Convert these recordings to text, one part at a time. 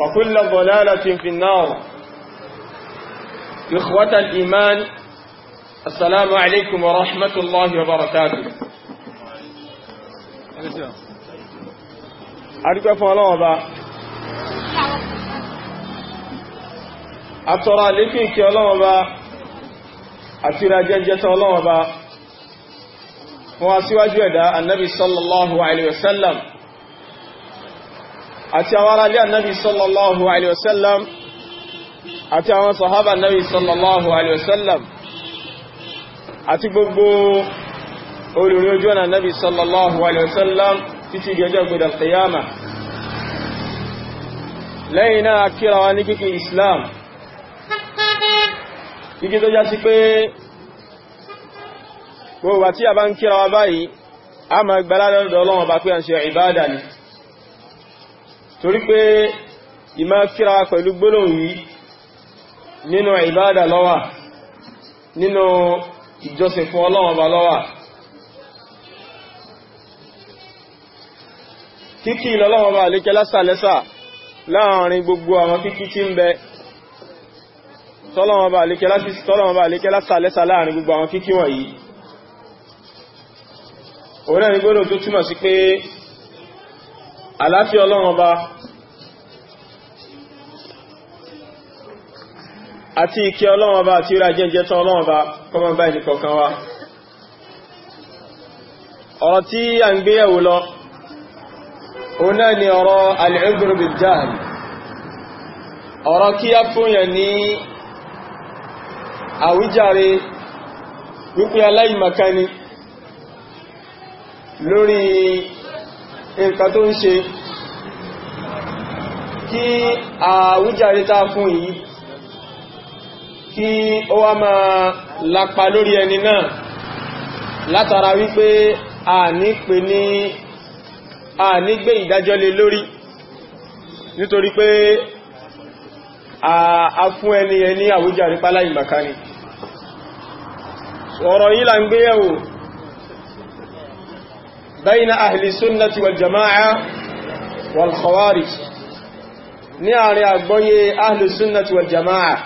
وكل ضلالة في النار إخوة الإيمان السلام عليكم ورحمة الله وبركاته أرجو فالله أبا أترى لكي كي الله أبا أترى جنجة الله أبا النبي صلى الله عليه وسلم àti àwọn ará ilé ànábì sallallahu alayhi wa sallam àti àwọn sàhábà ànábì sallallahu alayhi wa sallam àti gbogbo olùrin ojú ọ̀nà ànábì sallallahu alayhi wa sallam títí di ọjọ́ gbọdọ̀ kìyàmà lẹ́yìn náà kíra wa ní kíkí islam kíkí tó já sí pé gbogbo àti àbá ń kíra wa báyìí a máa gbẹ́lá lọ́dọ̀ ọlọ́wọ̀n bá pé à ń ṣe ìbádà ni torí pé ìmá kíra pẹ̀lú gbólóhùn yìí nínú ìbádà lọ́wà nínú ìjọsìn fún Ọlọ́run bá lọ́wà kíkí ìlọ́lọ́wọ́ bá lékẹ́ lásàlẹ́sà láàrin gbogbo àwọn kíkí tí ń bẹ tọ́lọ́wọ́ bá lékẹ́ lásàlẹ́sà láàrin gbogbo àwọn kíkí wọ̀nyí òun náà ni gbólóhùn tó túmọ̀ sí pé àláfíà ọlọ́run ọba àti ìkẹ́ ọlọ́run ọba àti ìrà jẹ́jẹ́ tán ọlọ́run ọba kọmọ báyìí ní kọ̀ọ̀kan wa ọ̀rọ̀ tí a ń gbé yẹ̀wò lọ òun náà ni ọ̀rọ̀ al ọ̀rọ̀ kí a fúnyẹ̀ ní àwíjàre wípé nǹkan tó ń ṣe kí àwújáre tá fún yìí kí ó wá máa lápa lórí ẹni náà látara wípé a ní a ní gbé ìdájọ́ lé lórí nítorí pé a fún ẹni ẹni àwújáre pálá ìmàkánì ọ̀rọ̀ yìí là ń gbé yẹ̀wò بين أهل السنة والجماعة والخوارج نعني أقبي أهل السنة والجماعة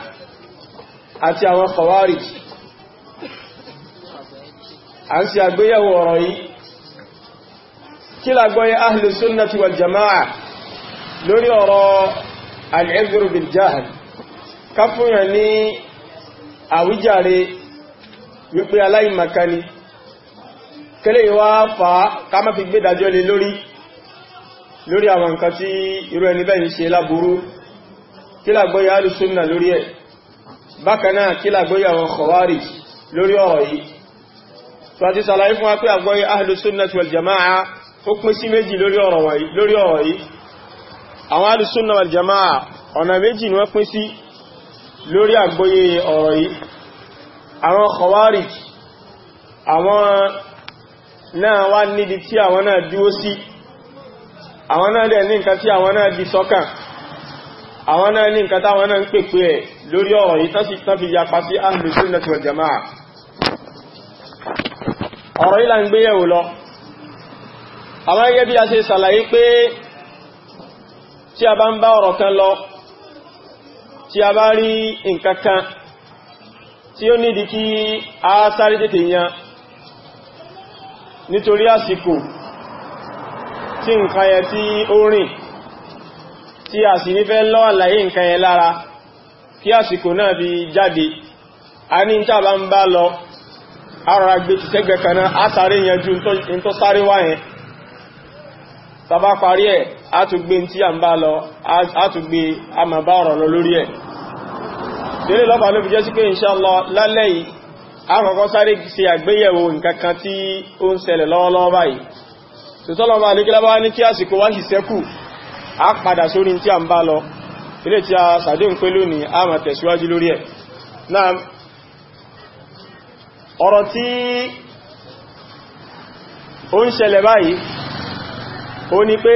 أتي أمام خوارج أنسي أقبي ورأي كلا أقبي أهل السنة والجماعة لوري أرى العذر بالجهل كفو يعني أوجاري wípé مكاني kẹlẹ̀ ìwá fa ká má fi gbé dájọ́ lé lórí lórí àwọn nǹkan tí irú ẹni bẹ́ẹ̀ ń ṣe láburú kí làgbóyà alùsùnà lórí ẹ̀ bákanáà kí làgbóyà àwọn kọ̀wárì lórí ọ̀rọ̀ yìí tó àti sàlàyé fún wa pé àgbóyà alùsùnà wal jama'a ó pín sí méjì lórí ọ̀rọ̀ yìí àwọn alùsùnà wal jama'a ọ̀nà méjì ni wọ́n pín sí lórí àgbóyè ọ̀rọ̀ yìí àwọn kọ̀wárì àwọn náà wá níbi tí àwọn náà dúró sí àwọn náà dẹ̀ ní nǹkan tí àwọn náà di sọ́kàn àwọn náà ní nǹkan táwọn náà ń pèpè ẹ̀ lórí ọ̀rọ̀ yìí tán sì tán fi yapa sí ahlu jamaa ọ̀rọ̀ yìí là ń gbéyẹ̀wò lọ àwọn gẹ́gẹ́ bí a ṣe ṣàlàyé pé tí a bá ń tí ó nídi kí a sáré tètè yan nítorí àsìkò tí nǹkan yẹn tí ó rìn tí a sì nífẹ́ lọ́ àlàyé nǹkan yẹn lára kí àsìkò náà fi jáde a ní ìtàbá ń bá lọ ara gbé ti sẹ́gbẹ̀ kan náà a sáré yanjú in tó sáré wá yẹn tàbá parí ẹ̀ a tún gbé tí a ń bá lọ a tún gbé a mà bá ọ̀rọ̀ lọ lórí ẹ̀ lélè lọ́pàá ló fi jẹ́ sí pé inshallah lálẹ́ yìí àkọ́kọ́ sáré ṣe àgbéyẹ̀wò nǹkan kan tí ó ń ṣẹlẹ̀ lọ́wọ́lọ́wọ́ báyìí tòtọ́lọ́ máa lékílá ní kí àsìkò wá a ń bá lọ ilé tí a sàdé ń pé lónìí a máa tẹ̀síwájú lórí ẹ̀ Ali pe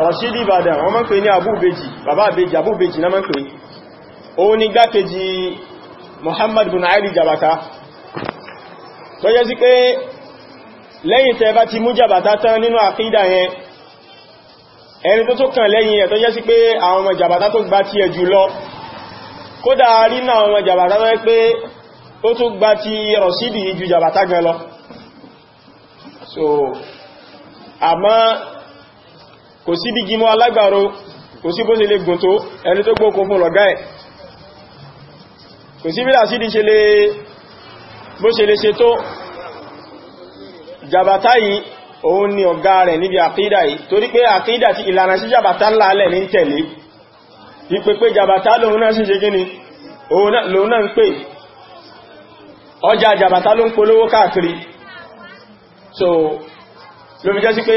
Rashidi Ìbàdàn wọ́n máa ń pè ní abúbejì bàbá àbejì abúbejì náà máa ń pè òun ni gbákejì Muhammad bin Ali Jabata tó yẹ sí pé lẹ́yìn tẹ́ bá ti mú Jabata tán nínú àkídà yẹn ẹni tó tó kàn lẹ́yìn ẹ̀ tó yẹ sí pé àwọn ọmọ Jabata tó gbá ti Rashidi ju lọ so àmọ́ kò sí bí gímọ́ alágbàro kò sí bó ṣe lè gùn tó ẹni tó gbókun fún lọ̀gá ẹ̀ kò sí bí làsídì ṣe lè bó ṣe lè ṣe tó jàbátá yìí òun ni ọ̀gá rẹ̀ níbi àkídà yìí torí pé àkídà ti ìlànà sí jàbátá ńlá ní tẹ̀lé ìpé pé so lómi jẹ́ sí pé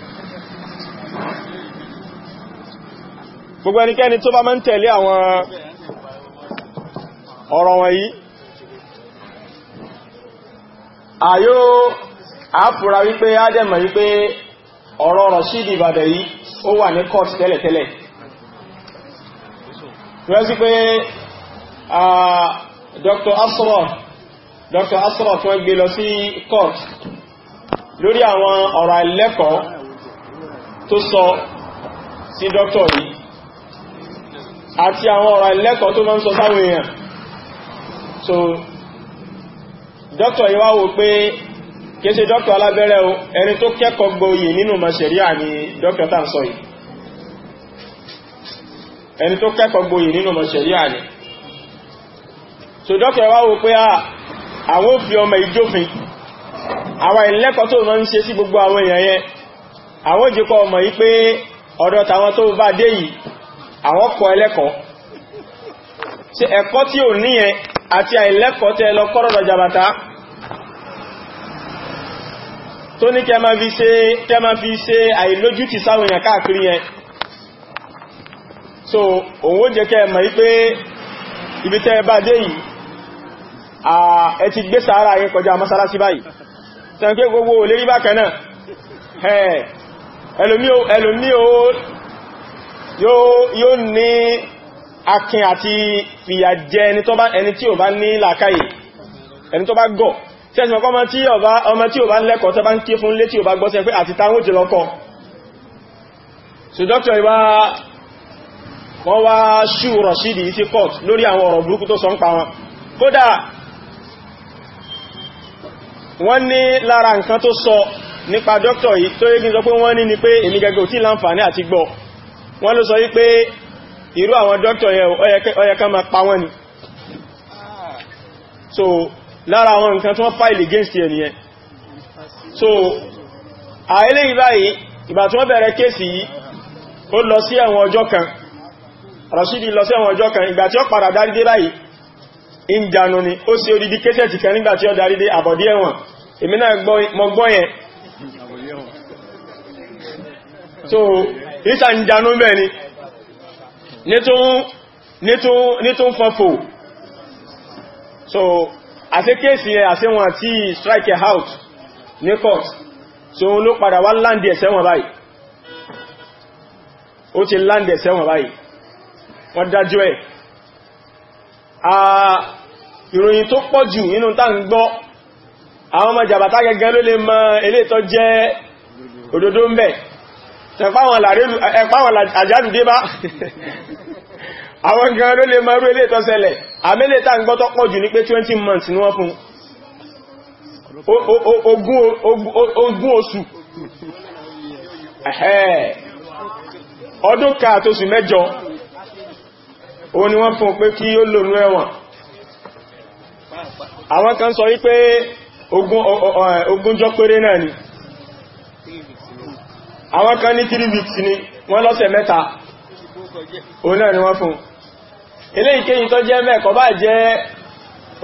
gbogbo ẹnikẹ́ni tó bá máa ń tẹ̀lé àwọn ọ̀rọ̀ wọ̀nyí àyó àáfúra wípé ádẹ́mọ̀ wípé ọ̀rọ̀ Rọ̀ṣídì Ìbàdàn yìí ó wà ní court tẹ́lẹ̀tẹ́lẹ̀ rẹ́sí pé Dr. Asro Dr. Asro tó lọ sí court lórí àwọn ọ̀rọ̀ àìlẹ́kọ̀ọ́ tó sọ sí dr yìí àti àwọn ọ̀rọ̀ ẹlẹ́kọ̀ọ́ tó máa ń sọ sáwọn èèyàn so dọ́kítọ̀ Iwa wò pé kìí ṣe alábẹ́rẹ́ o ẹni tó kẹ́kọ̀ọ́ gboyè nínú mọ̀ṣẹ̀ríà ni dọ́kítọ̀ tá ń sọ yìí ẹni tó kẹ́kọ̀ọ́ gboyè nínú mọ̀ṣẹ̀ríà ni so dọ́kítọ̀ Iwa wò pé àwọn òfin ọmọ ìjófin àwọn ẹlẹ́kọ̀ọ́ tó máa ń ṣe sí gbogbo àwọn èèyàn yẹn àwọn òjìkọ ọmọ yìí pé ọ̀dọ̀ tàwọn tó bá dé yìí àwọn kọ ẹlẹ́kọ̀ọ́ ṣe ẹ̀kọ́ tí ò ní ẹ àti àìlẹ́kọ̀ọ́ tẹ́ lọ kọ́rọ̀ lọ jàbàtà tó ní kẹ máa fi ṣe kẹ máa fi ṣe àìlójú ti sáwọn káàkiri yẹn so òun ó jẹ́ kẹ́ mọ̀ wípé ibi tẹ́ bá dé yìí ẹ ti gbé sàárà yẹn kọjá mọ́sálásí báyìí ẹlòmí o yóò ní akin àti fìyà jẹ ẹni tí ò bá ní làákàyè ẹni tó bá gọ̀ tí ẹ̀sìn ọkọ́ ọmọ tí ò bá lẹ́kọ̀ọ́ tẹ́ bá ń ké fún lé tí ò bá gbọ́sẹ̀ pé àti táwọn òjì lọ́kọ́ so dr iwa wọ́n wá ṣù rọ̀ṣídì sí court lórí pa wọn kódà wọ́n ní lára nǹkan tó sọ nípa dr yìí tó yé kí pé wọ́n ní ni pé èmi gẹ́gẹ́ ò tí láǹfààní àti gbọ́ wọ́n ló sọ wípé irú àwọn dọ́kítọ̀ yẹn ó yẹ ká máa pa wọ́n ni so lára àwọn nǹkan tí wọ́n file against yẹn nìyẹn so àílé ìbáyìí ìgbà tí wọ́n bẹ̀rẹ̀ kéèsì yìí ó lọ sí ẹ̀wọ̀n ọjọ́ kan Rashidi lọ sí ẹ̀wọ̀n ọjọ́ kan ìgbà tí ó padà dárídé báyìí in jànú ni ó sì odidi kéṣẹ̀tì kan nígbà tí ó dárídé àbọ̀dí ẹ̀wọ̀n èmi náà mọ gbọ́ yẹn so ìṣà ń janú bẹ́ẹ̀ ni ní tó ń fọ́fò so àti kéèsì ẹ̀ àti wọn àti strike out ní court so òun ló padà wá láǹdì ẹ̀sẹ̀ wọn báyìí ó ti láǹdì ẹ̀sẹ̀ wọn báyìí wọ́n dájú ẹ̀ ìròyìn tó pọ̀ jù nínú tá ń gbọ́ àwọn ọmọ jàbátá gẹ́gẹ́ ló lè mọ eléètọ́ jẹ́ òdodo ń bẹ ẹ̀páwọn àjálù dé bá àwọn gan ló lè mọ́rú ilé ìtọ́sẹ̀lẹ̀ àmẹ́lẹ̀ tàà ń gbọ́tọ́ pọ̀ jù ní pé 20 months ní wọ́n fún ogún oṣù ọdún ká tó sì mẹ́jọ o ni wọ́n fún pé kí ó lòrú ẹ̀wọ̀n àwọn kan sọ wípé ogún àwọn kan ní 3 weeks ni wọ́n lọ́sẹ̀ mẹ́ta òun náà ni wọ́n fún ilé ìkéyìn tó jẹ́ mẹ́ kọ̀bá jẹ́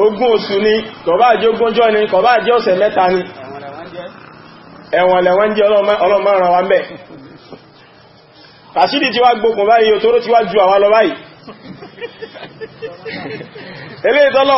ogún oṣù ni kọ̀bá jẹ́ ogúnjọ́ ni kọ̀bá jẹ́ ọ̀sẹ̀ mẹ́ta ni ẹ̀wọ̀n lẹ̀wọ́n jẹ́ ọlọ́mọ́ràn wa mẹ́ kàṣídì ti wá gbókùn báyìí òtóró ti wá ju àwa lọ báyìí ilé ìtọ́lọ́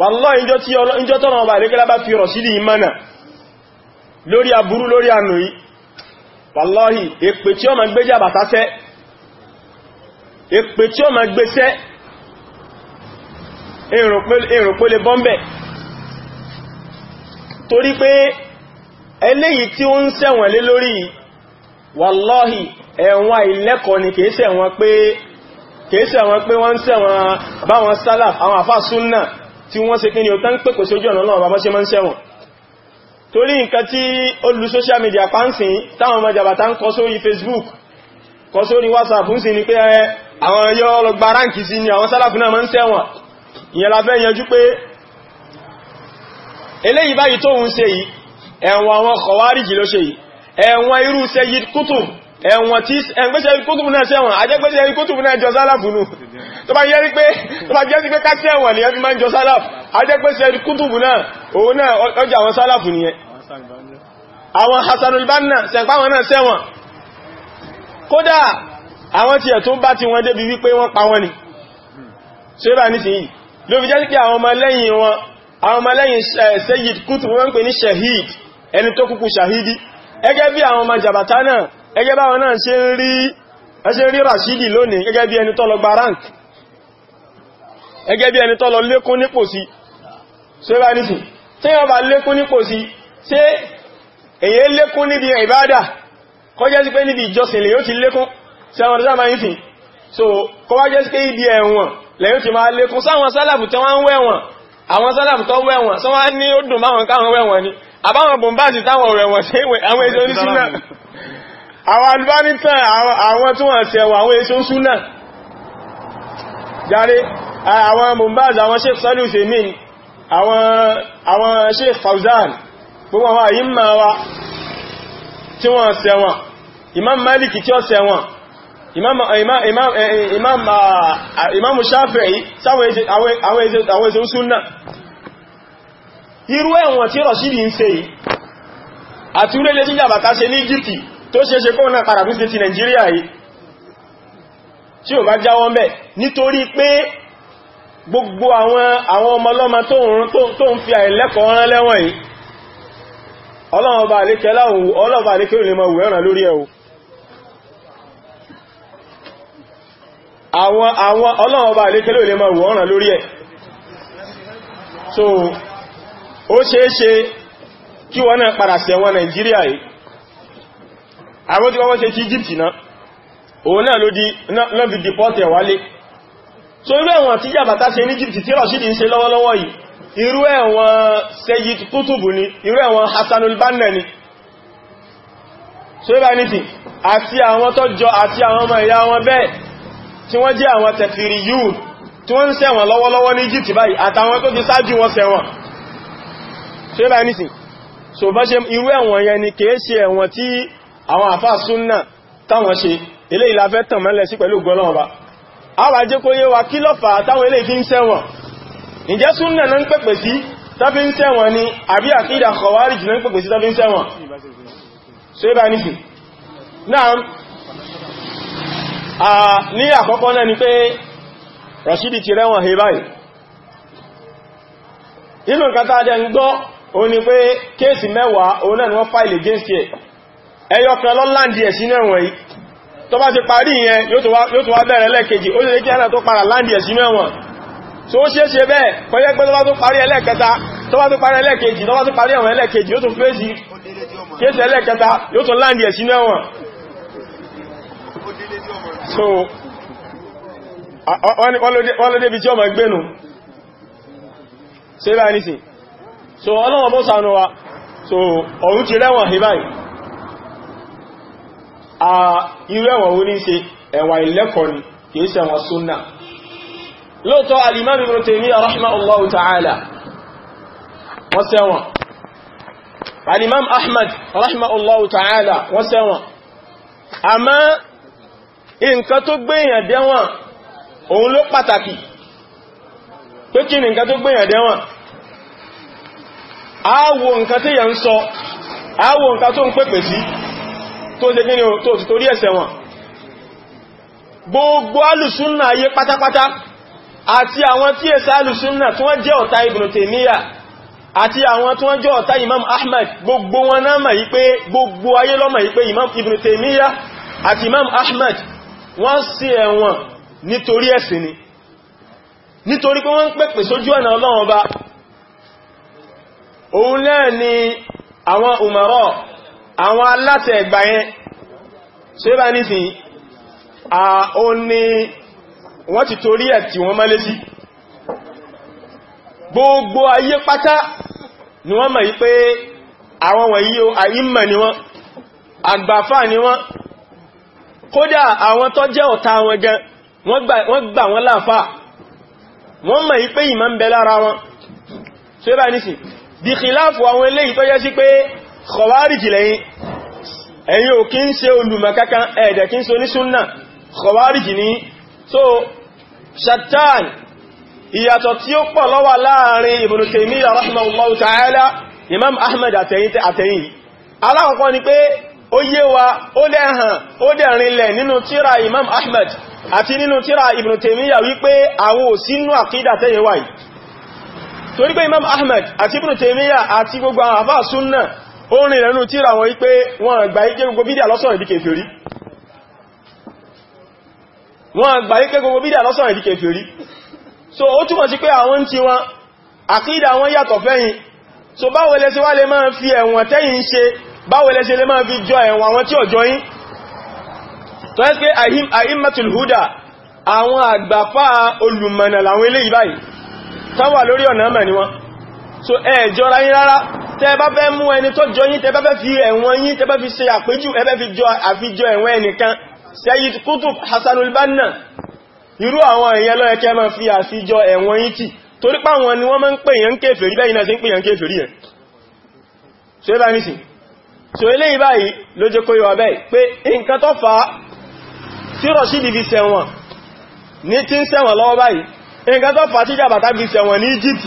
wàlọ́ ìjọ tọ́nà ọba ìrékẹ́lá bá fi rọ̀ sílì ìmánà lórí aburú lórí ànù yìí wàlọ́hì èpè tí ó ma gbé jàbà tásẹ́ èpè tí ó ma gbé sẹ́ èrùnpele bọ́m̀bẹ̀ torí pé eléyìí tí ó ń ṣẹ̀wọ̀n lé lórí wàlọ́hì ẹ̀wọ̀n àìlẹ́kọ̀ọ́ ni kìí ṣẹ̀wọ̀n pé wọ́n ń báwọn sálà àwọn àfáà súnnà tí wọ́n ṣe kí ni ó tán pè kò sójú ọ̀nà náà bàbá ṣe máa ń ṣẹ̀wọ̀n torí nǹkan tí olú social media pa ń sìn táwọn ọmọ jàbàtà kọ sórí Facebook kọ sórí WhatsApp ń sìn ni pé eh, àwọn yọ ọlọgbà ráǹkì sí ni àwọn sálàfù náà máa ń ṣẹ̀wọ̀n ìyẹn la fẹ́ yanjú pé eléyìí báyìí tóun ṣe yìí ẹ̀wọ̀n àwọn kọ̀wárìjì ló ṣe yìí ẹ̀wọ̀n irú Sayyid Qutb ẹ̀wọ̀n tí ẹgbẹ́sẹ̀ kótùbù náà sẹ́wọ̀n ajẹ́gbẹ́sẹ̀ kótùbù náà jọ sálàfù nù tó bá jẹ́ sí pé káàkiri ẹ̀wọ̀n ni ẹ fi máa ń jọ sálàfù ajẹ́gbẹ́sẹ̀ kótùbù náà òun náà ọjà àwọn sálàfù nìyẹn àwọn Hasanul Banna sẹ̀páwọn náà sẹ́wọ̀n kódà àwọn tí ẹ̀ tó bá ti wọn débi wípé wọ́n pa wọn ni ṣe bá shahidi ẹgẹ́ bí àwọn ọmọ jàbátá náà ẹgẹ́ báwọn náà ṣe ń rí Rashidi lónìí gẹ́gẹ́ bí ẹni tọ́lọ gba rank gẹ́gẹ́ bí ẹni tọ́lọ lékún nípò sí ṣe bá nìsì tí wọ́n bá lékún nípò sí ṣe èyí lékún níbi ìbádà kọjẹ́ sí pé níbi ìjọsìn lè yóò ti lékún sí àwọn ọ̀dọ́sá máa ń sìn so kọwàjẹ́ sí pé ibi ẹ̀wọ̀n lè yóò ti máa lékún sáwọn sálàbù tó wọ́n wẹ̀wọ̀n àwọn sálàbù tó wẹ̀wọ̀n sọ wá ní ó dùn máwọn káwọn wẹ̀wọ̀n ni àbáwọn bọ̀m̀báàsì táwọn rẹ̀wọ̀n sí àwọn èso oníṣínà àwọn alibánítà àwọn tí wọ́n tẹ̀wọ̀ àwọn èso súnà járe àwọn Mumbaz àwọn Sheikh Saliu Semin àwọn Sheikh Fauzan gbogbo àwọn àyíma wa tí wọ́n tẹ̀wọ̀n Imam Malik tí ó tẹ̀wọ̀n eh, eh, ah, ah, Imam Shafi'i sáwọn èso súnà irú ẹ̀wọ̀n tí Rashidi ń ṣe yìí àti orílẹ̀-èdè jàbàtà ṣe ní Egypt tó ṣe ṣe kóhùn náà padà fún ti Nàìjíríà yìí tí ò bá jáwọ́ ń bẹ̀ nítorí pé gbogbo àwọn àwọn ọmọlọ́mọ tó ń fi àìlẹ́kọ̀ọ́ rán lẹ́wọ̀n yìí ọlọ́run bá àlékẹ́ láhùn ọlọ́run bá àlékẹ́ ìrìnmọ̀ wẹ̀ràn lórí ẹ̀ o àwọn àwọn ọlọ́run so ó ṣeéṣe kí wọ́n náà padà sẹ̀wọ̀n Nàìjíríà yìí àwọn tí wọ́n ṣe sí Egypt náà òun náà ló di náà fi dìpọ́tẹ̀ wálé so irú ẹ̀wọ̀n tí jàbàtà ṣe ní Egypt tí Rashidi ń ṣe lọ́wọ́lọ́wọ́ yìí irú ẹ̀wọ̀n Sayyid Kutubu ni irú ẹ̀wọ̀n Hassanul Banna ni so ibà ní ti àti àwọn tó jọ àti àwọn ọmọ ìyá wọn bẹ́ẹ̀ tí wọ́n jẹ́ àwọn tẹ̀fìrì yìí tí wọ́n ń ṣẹ̀wọ̀n lọ́wọ́lọ́wọ́ ní Egypt báyìí àtàwọn tó ti ṣáájú wọn ṣẹ̀wọ̀n so ibà ní ti so bá ṣe irú ẹ̀wọ̀n yẹn ni kèé ṣe ẹ̀wọ̀n tí àwọn àfáà súnnà táwọn ṣe ilé ìlàfẹ́ tàn mẹ́lẹ̀ sí pẹ̀lú gọ́lọ́ọ̀bá àwà jẹ́ kó yé wa kí lọ́fà táwọn ilé fi ń sẹ́wọ̀n ǹjẹ́ súnnà náà ń pẹ̀pẹ̀ sí tàbí ń sẹ́wọ̀n ni àbí àkídà kọwàríjì náà ń pẹ̀pẹ̀ sí tàbí ń sẹ́wọ̀n so ibá nìsìn náà Rashidi ti rẹ́wọ̀n he báyìí inú nǹkan tàà jẹ́ ń gbọ́ o ẹyọ kan lọ́láńdì ẹ̀sí náà wọ̀nyí tó bá ti parí ìyẹn yóò tó wá bẹ̀rẹ̀ lẹ́ẹ̀kejì ó lè kí ẹ̀nà tó para láńdì ẹ̀sí mẹ́wọ̀n so ó ṣeé ṣe bẹ́ẹ̀ kọjẹ́ pé tó bá tó so wọ́n ló débi tí ọmọ ẹgbẹ́nu so ọlọ́wọ́n bó sànú wa so ọ̀rún ti rẹ́wọ̀n hìbáyìí irú ẹ̀wọ̀n wo ní ṣe ẹ̀wà ìlẹ́kọ̀ọ́ ni kìí ṣe wọn súnnà lóòtọ́ al-Imam Ibn Taymiyyah rahimahullahu ta'ala wọ́n ṣẹ̀wọ̀n al-Imam Ahmad rahimahullahu ta'ala wọ́n ṣẹ̀wọ̀n àmá nǹkan tó gbéyàn dẹ́wọ̀n òun ló pàtàkì pé kí nǹkan tó gbéyàn dẹ́wọ̀n a wo nǹkan tí yẹn ń sọ a wo nǹkan tó ń pèpè sí tó ṣe gíní tó ti torí ẹ̀ṣẹ̀ wọn gbogbo alùsúnnà ayé pátápátá àti àwọn tí èsà alùsúnnà tí wọ́n jẹ́ ọ̀tá Ibn Taymiyyah àti àwọn tí wọ́n jẹ́ ọ̀tá Imam Ahmad gbogbo wọn náà mọ̀ yí pé gbogbo ayé ló mọ̀ yí pé Imam Ibn Taymiyyah àti Imam Ahmad wọ́n sí ẹ̀wọ̀n nítorí ẹ̀sìn ni nítorí pé wọ́n ń pèpè sójú ọ̀nà Ọlọ́run Ọba òun lẹ́ẹ̀ ni àwọn umarọ́ àwọn aláṣẹ ẹgbà yẹn ṣe bá ní sí à ó ní wọ́n ti torí ẹ̀ tí wọ́n mọ́lé sí gbogbo ayé pátá ni wọ́n mọ̀ yí pé àwọn wọ̀nyí o àyímọ̀ ni wọ́n àgbàfà ni wọ́n kódà àwọn tó jẹ́ ọ̀tá wọn gan wọ́n gbà wọ́n láàfà wọ́n mọ̀ pé ìmọ̀ ń bẹ lára wọn ṣe bá ní sí kọwárìjì lẹ́yìn ẹ̀yin ò kí ń ṣe olùmọ̀kankan ẹ̀ẹ̀dẹ̀ kí ń ṣe oníṣúnnà kọwárìjì ní so shatan ìyàtọ̀ tí ó pọ̀ ló wà láàrin Ibn Taymiyyah rahimahullahu ta'ala Imam Ahmad àtẹ̀yìn àtẹ̀yìn alákọ̀ọ́kọ́ ni pé ó yé wa ó dẹ̀ hàn ó dẹ̀ rinlẹ̀ nínú tíra Imam Ahmad àti nínú tíra Ibn Taymiyyah wípé àwọn ò sínú àkídà tẹ́yẹwà yìí ó rìn lẹ́nu tí ra wọn wípé wọn àgbà ike gbogbo bídíà lọ́sọ̀rọ̀ ìdí kèfèrí wọn àgbà ike gbogbo bídíà lọ́sọ̀rọ̀ ìdí kèfèrí so ó túmọ̀ sí pé àwọn tí wọn àkídà wọn yàtọ̀ fẹ́yìn so báwo lẹ ṣe wá lè máa fi ẹ̀wọ̀n tẹ́yìn ṣe báwo lẹ ṣe lè máa fi jọ ẹ̀wọ̀n àwọn tí ọjọ́ yín tó ẹ́ so ẹ jọra yín rárá tẹ́ bá fẹ́ mú ẹni tó jọ yín tẹ́ bá fẹ́ fi ẹ̀wọ̀n yín tẹ́ bá fi ṣe àpéjú ẹbẹ́ fi jọ àfijọ ẹ̀wọ̀n ẹnìkan Sayyid Qutb Hasanul Banna irú àwọn èèyàn ló yẹ kẹ́ máa fi àfijọ ẹ̀wọ̀n yín tì torí páwọn ni wọ́n máa ń pè yàn kéfèrí bẹ́yìn náà sí ń pè yàn kéfèrí ẹ̀ so ẹbá nìsìn so eléyìí báyìí ló jẹ́ kó yíwa bẹ́ẹ̀ pé nǹkan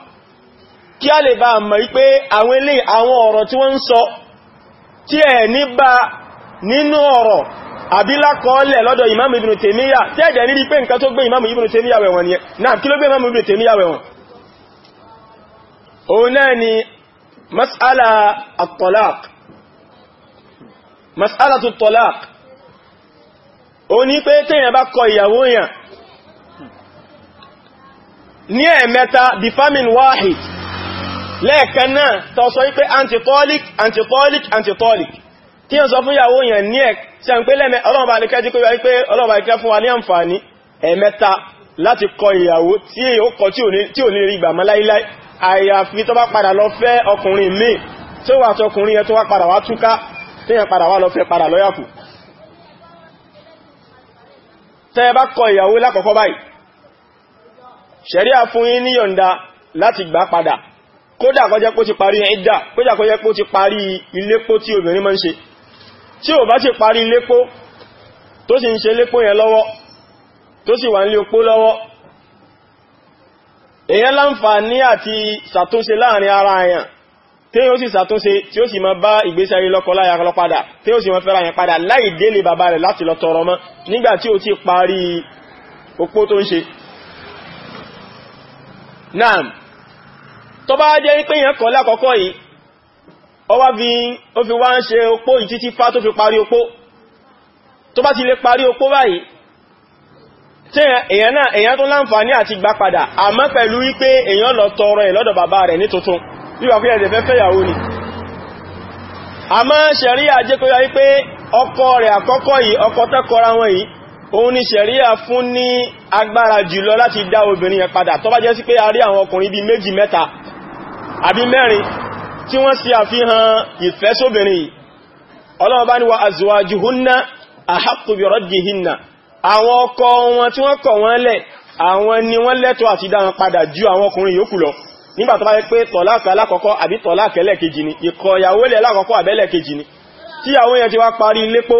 kí a lè bá mọ̀ wípé àwọn ilé àwọn ọ̀rọ̀ tí wọ́n ń sọ tí ẹ̀ ní bá nínú ọ̀rọ̀ àbílákọọ́lẹ̀ lọ́dọ̀ Imam Ibn Taymiyyah tẹ́ẹ̀dẹ̀ ní pé nǹkan tó gbé Imam Ibn Taymiyyah wẹ̀wọ̀n ní pé téèyàn bá wahid lẹ́ẹ̀kan náà tó sọ wípé antitolic antitolic antitolic tí yàn sọ fún ìyàwó yàn ní ẹ̀ ṣe ń pé lẹ́mẹ́ ọlọ́ọ̀bà alẹ́kẹ́ jí pé wípé ọlọ́ọ̀bà alẹ́kẹ́ fún wa ní àǹfààní ẹ̀mẹ́ta láti kọ ìyàwó tí ó kọ tí ò ní rí gbàmọ́ láíláí àyàfi tó bá padà lọ fẹ́ ọkùnrin míì tí ó wà tọkùnrin yẹn tó wá padà wá túká tí yẹn padà wá lọ fẹ́ padà báyìí ṣẹ̀ríà fún yín ní yọ̀ǹda láti gbà padà kódà kọjẹ́ pó ti parí ẹ̀dà kódà kọjẹ́ pó ti parí ilépo tí obìnrin máa ń ṣe tí ò bá ti parí ilépo tó sì ń ṣe lépo yẹn lọ́wọ́ tó sì wà nílé opó lọ́wọ́ èyàn láǹfààní àti ṣàtúnṣe láàrin ara àyàn tí ó sì ṣàtúnṣe tí ó sì máa bá ìgbésí ayé lọ́kọ láya lọ padà tí ó sì máa fẹ́ra yẹn padà láì délé bàbá rẹ̀ láti lọ tọrọ mọ́ nígbà tí ó ti parí opó tó ń ṣe naam tó bá jẹ́ pé èèyàn kọ́ lákọ̀ọ́kọ́ yìí ó wá bí ó fi wá ń ṣe opó yìí títí fá tó fi parí opó tó bá ti lè parí opó báyìí tí èèyàn náà èèyàn tó láǹfààní àti gbà padà àmọ́ pẹ̀lú wípé èèyàn lọ tọrọ ẹ̀ lọ́dọ̀ bàbá rẹ̀ ní tuntun wíwà pé ẹ̀dẹ̀ fẹ́fẹ́ ìyàwó ni àmọ́ ṣẹ̀ríyà jẹ́ pé ọkọ rẹ̀ àkọ́kọ́ yìí ọkọ tẹ́kọra wọn yìí òun ni ṣẹ̀ríà fún ní agbára jùlọ láti dá obìnrin yẹn padà tó bá jẹ́ sí pé a rí àwọn ọkùnrin bí méjì mẹ́ta àbí mẹ́rin tí wọ́n sì àfihàn ìfẹ́ sóbìnrin Ọlọ́run wa azwajuhunna ahaqqu bi raddihinna àwọn ọkọ wọn tí wọ́n kọ̀ wọ́n àwọn ni wọ́n lẹ́tọ̀ọ́ àti dá wọn padà ju àwọn ọkùnrin yòókù lọ nígbà tó bá jẹ́ pé tọ̀láàkì alákọ̀ọ́kọ́ àbí tọ̀láàkì ẹlẹ́ẹ̀kejì ni ìkọ̀ ìyàwó lẹ̀ alákọ̀ọ́kọ́ àbẹ́lẹ̀kejì ni tí àwọn yẹn ti wá parí lépo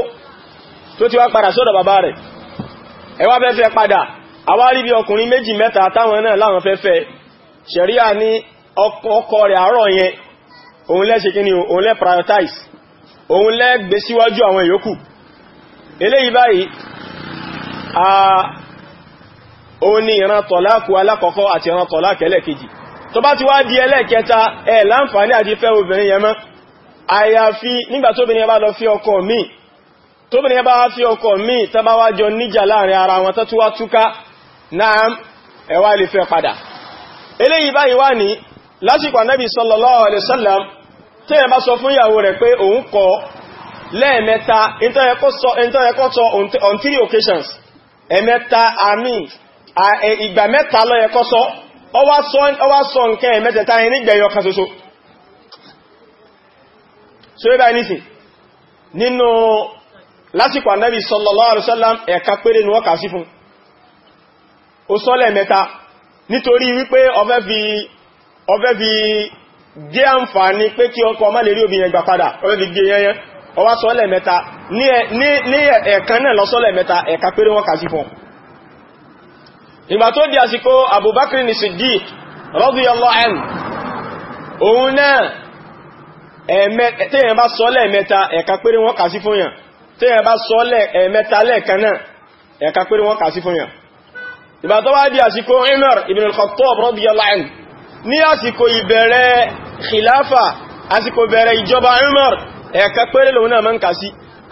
tó ti wá padà sọ́dọ̀ bàbá rẹ̀ ẹwà fẹ́fẹ́ padà àwárí bí ọkùnrin méjì mẹ́ta táwọn náà láwọn fẹ́fẹ́ ṣẹ̀ríà ní ọkọ rẹ̀ àárọ̀ yẹn òun lẹ́ ṣe kí ni òun lẹ́ prioritize òun lẹ́ gbé síwájú àwọn yòókù eléyìí báyìí a òun ni ìran tọ̀láàkù alákọ̀ọ́kọ́ àti ìran tọ̀láàkù ẹlẹ́kejì tó bá ti di ẹlẹ́kẹta ẹ̀ láǹfààní àti fẹ́ obìnrin yẹn mọ́ àyàfi nígbà tóbìnrin yẹn tóbìnrin bá fi ọkọ míì tàbá wá jọ níjà láàrin ara wọn tó túwá túká náà ẹwà lè fẹ́ padà eléyìí báyìí wá ní lásìkò Ànábì sallallahu alaihi wasallam tí ẹ bá sọ fún ìyàwó rẹ̀ pé òun kọ̀ lẹ́ẹ̀mẹ́ta ìntọ́ẹ̀kọ́ sọ on three occasions ẹ̀mẹ́ta àmì ìgbà mẹ́ta bá ní sí nínú lásìkò ànábì sallallahu alaihi wasallam ẹ̀ka péré ni wọ́n kà sí fún ó sọ́lẹ̀ mẹ́ta nítorí wípé ọfẹ́ fi ọfẹ́ fi pé kí ọkọ má lè rí obìnrin ẹgbà padà ọfẹ́ fi gé yẹnyẹn ọwá sọ́lẹ̀ mẹ́ta ní ẹ̀ẹ̀kan náà lọ sọ́lẹ̀ mẹ́ta ẹ̀ka péré wọ́n kà sí fún ìgbà tó di àsìkò Abubakar ní Siddiq radiyallahu anhu òun náà ẹ̀ẹ̀mẹ́ tẹ́yẹn bá sọ́lẹ̀ mẹ́ta ẹ̀ka péré wọ́n kà sí fún yàn téèyàn bá sọ ẹ̀mẹ́ta lẹ́ẹ̀kan náà ẹ̀ka péré wọ́n kà sí fún yàn ìgbà wá di àsìkò Umar ibn al-Khattab radiyallahu anhu ní àsìkò ìbẹ̀rẹ̀ khilafa àsìkò bẹ̀rẹ̀ ìjọba Umar ẹ̀ka péré lòun náà máa ń kà sí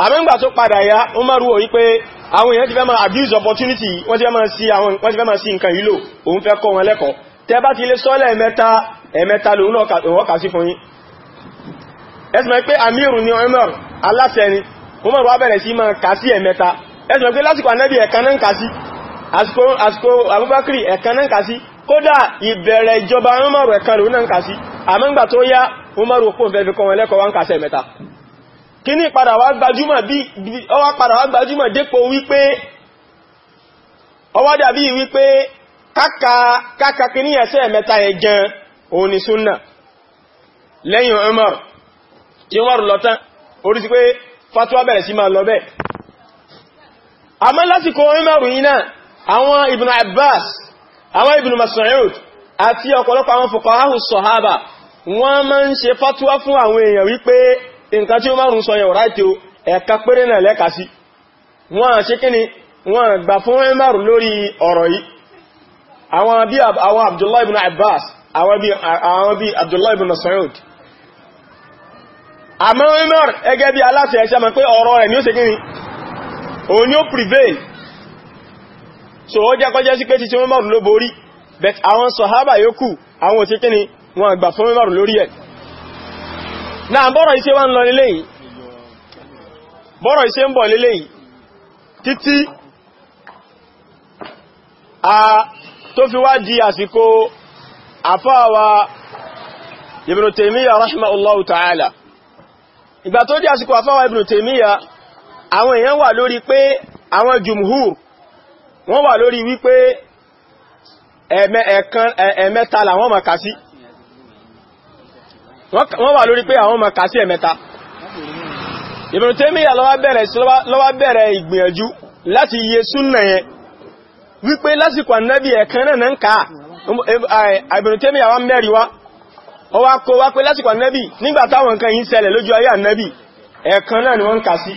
àmẹ́ngbà tó padà ya Umar wò wípé àwọn èèyàn ti fẹ́ máa abuse opportunity wọ́n ti fẹ́ máa sí àwọn wọ́n ti fẹ́ máa sí nǹkan yìí lò òun fẹ́ kọ́ wọn lẹ́kọ̀ọ́ tẹ́ bá ti lé sọ́lẹ̀ ẹ̀mẹ́ta ẹ̀mẹ́ta lòun náà kà sí fún yín ẹ̀sìn pé amiru ni Umar aláṣẹ ni Umar wá bẹ̀rẹ̀ sí máa kà sí ẹ̀mẹ́ta ẹ̀sùn pé lásìkò ànábì ẹ̀kan náà kà sí àsìkò Abubakri ẹ̀kan náà kà sí kódà ìbẹ̀rẹ̀ ìjọba Umar ẹ̀kan lòun náà kà sí àmọ́ngbà tó yá Umar òpó fẹ́fẹ́ kọ́ wọn lẹ́kọ̀ọ́ wọn kà sí ẹ̀mẹ́ta kí ní padà wá gbajúmọ̀ bí ọwá padà wá gbajúmọ̀ dépò wípé ọwá orí sí pé fatuwa bẹ̀rẹ̀ sí máa lọ bẹ́ẹ̀ àmọ́ lásìkò Umaru yìí náà àwọn Ibn Abbas àwọn Ibn Mas'ud àti ọ̀pọ̀lọpọ̀ àwọn fuqaha sọ̀hábà wọ́n máa ń ṣe fatuwa fún àwọn èèyàn wípé nǹkan tí Umaru sọ yẹn ráìtì o ẹ̀ka péré náà lẹ́ka sí wọ́n ṣe kíni wọ́n gbà fún Umaru lórí ọ̀rọ̀ yìí àwọn bí Abdullahi ibn Abbas àwọn bí Abdullahi ibn Mas'ud àmọ́ Umar ẹgẹ́ bí aláṣẹ ẹ̀ṣẹ́ mọ̀ pé ọ̀rọ̀ rẹ̀ ni ó ṣe gíní òun ni ó prevail so ó jẹ́ kọjẹ́ sí pé títí Umar ló borí but àwọn sọ̀hábà yókù àwọn òsì kíní wọn àgbà fún Umar lórí ẹ̀ náà bọ́rọ̀ a tó fi wá di àsìkò àfáàwà Ibn Taymiyyah rahimahullahu ta'ala ìgbà tó dé àsìkò àfáwà Ibn Taymiyyah àwọn èèyàn wà lórí pé àwọn jùmhur wọ́n wà lórí wípé ẹ̀mẹ́ta làwọn máa kà sí wọ́n wà lórí pé àwọn máa kà sí ẹ̀mẹ́ta Ibn Taymiyyah lọ́wọ́ bẹ̀rẹ̀ ìgbìyànjú láti yẹ súnnà yẹn wípé lásìkò ànábì ẹ̀kan náà ń ká Ibn Taymiyyah wá mẹ́rin wá ó wá kó wá pé lásìkò ànẹ́bì nígbà táwọn nǹkan yìí ṣẹlẹ̀ lójú ayé ànẹ́bì ẹ̀ẹ̀kan náà ni wọ́n ń kà sí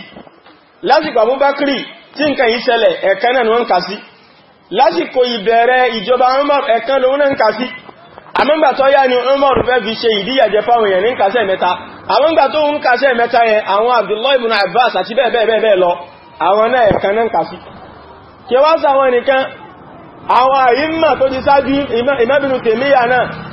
lásìkò àbúbákìrì tí nǹkan yìí ṣẹlẹ̀ ẹ̀ẹ̀kan náà ni wọ́n ń kà sí lásìkò ìbẹ̀rẹ̀ ìjọba Umar ẹ̀ẹ̀kan lòun náà ń kà sí àmọ́ngbà tó yá ni Umar fẹ́ fi ṣe ìdíyàjẹ fáwọn èèyàn ní ń kàṣẹ́ mẹ́ta àmọ́ngbà tó ń kàṣẹ́ mẹ́ta yẹn àwọn Abdullahi ibn Abbas àti bẹ́ẹ̀ bẹ́ẹ̀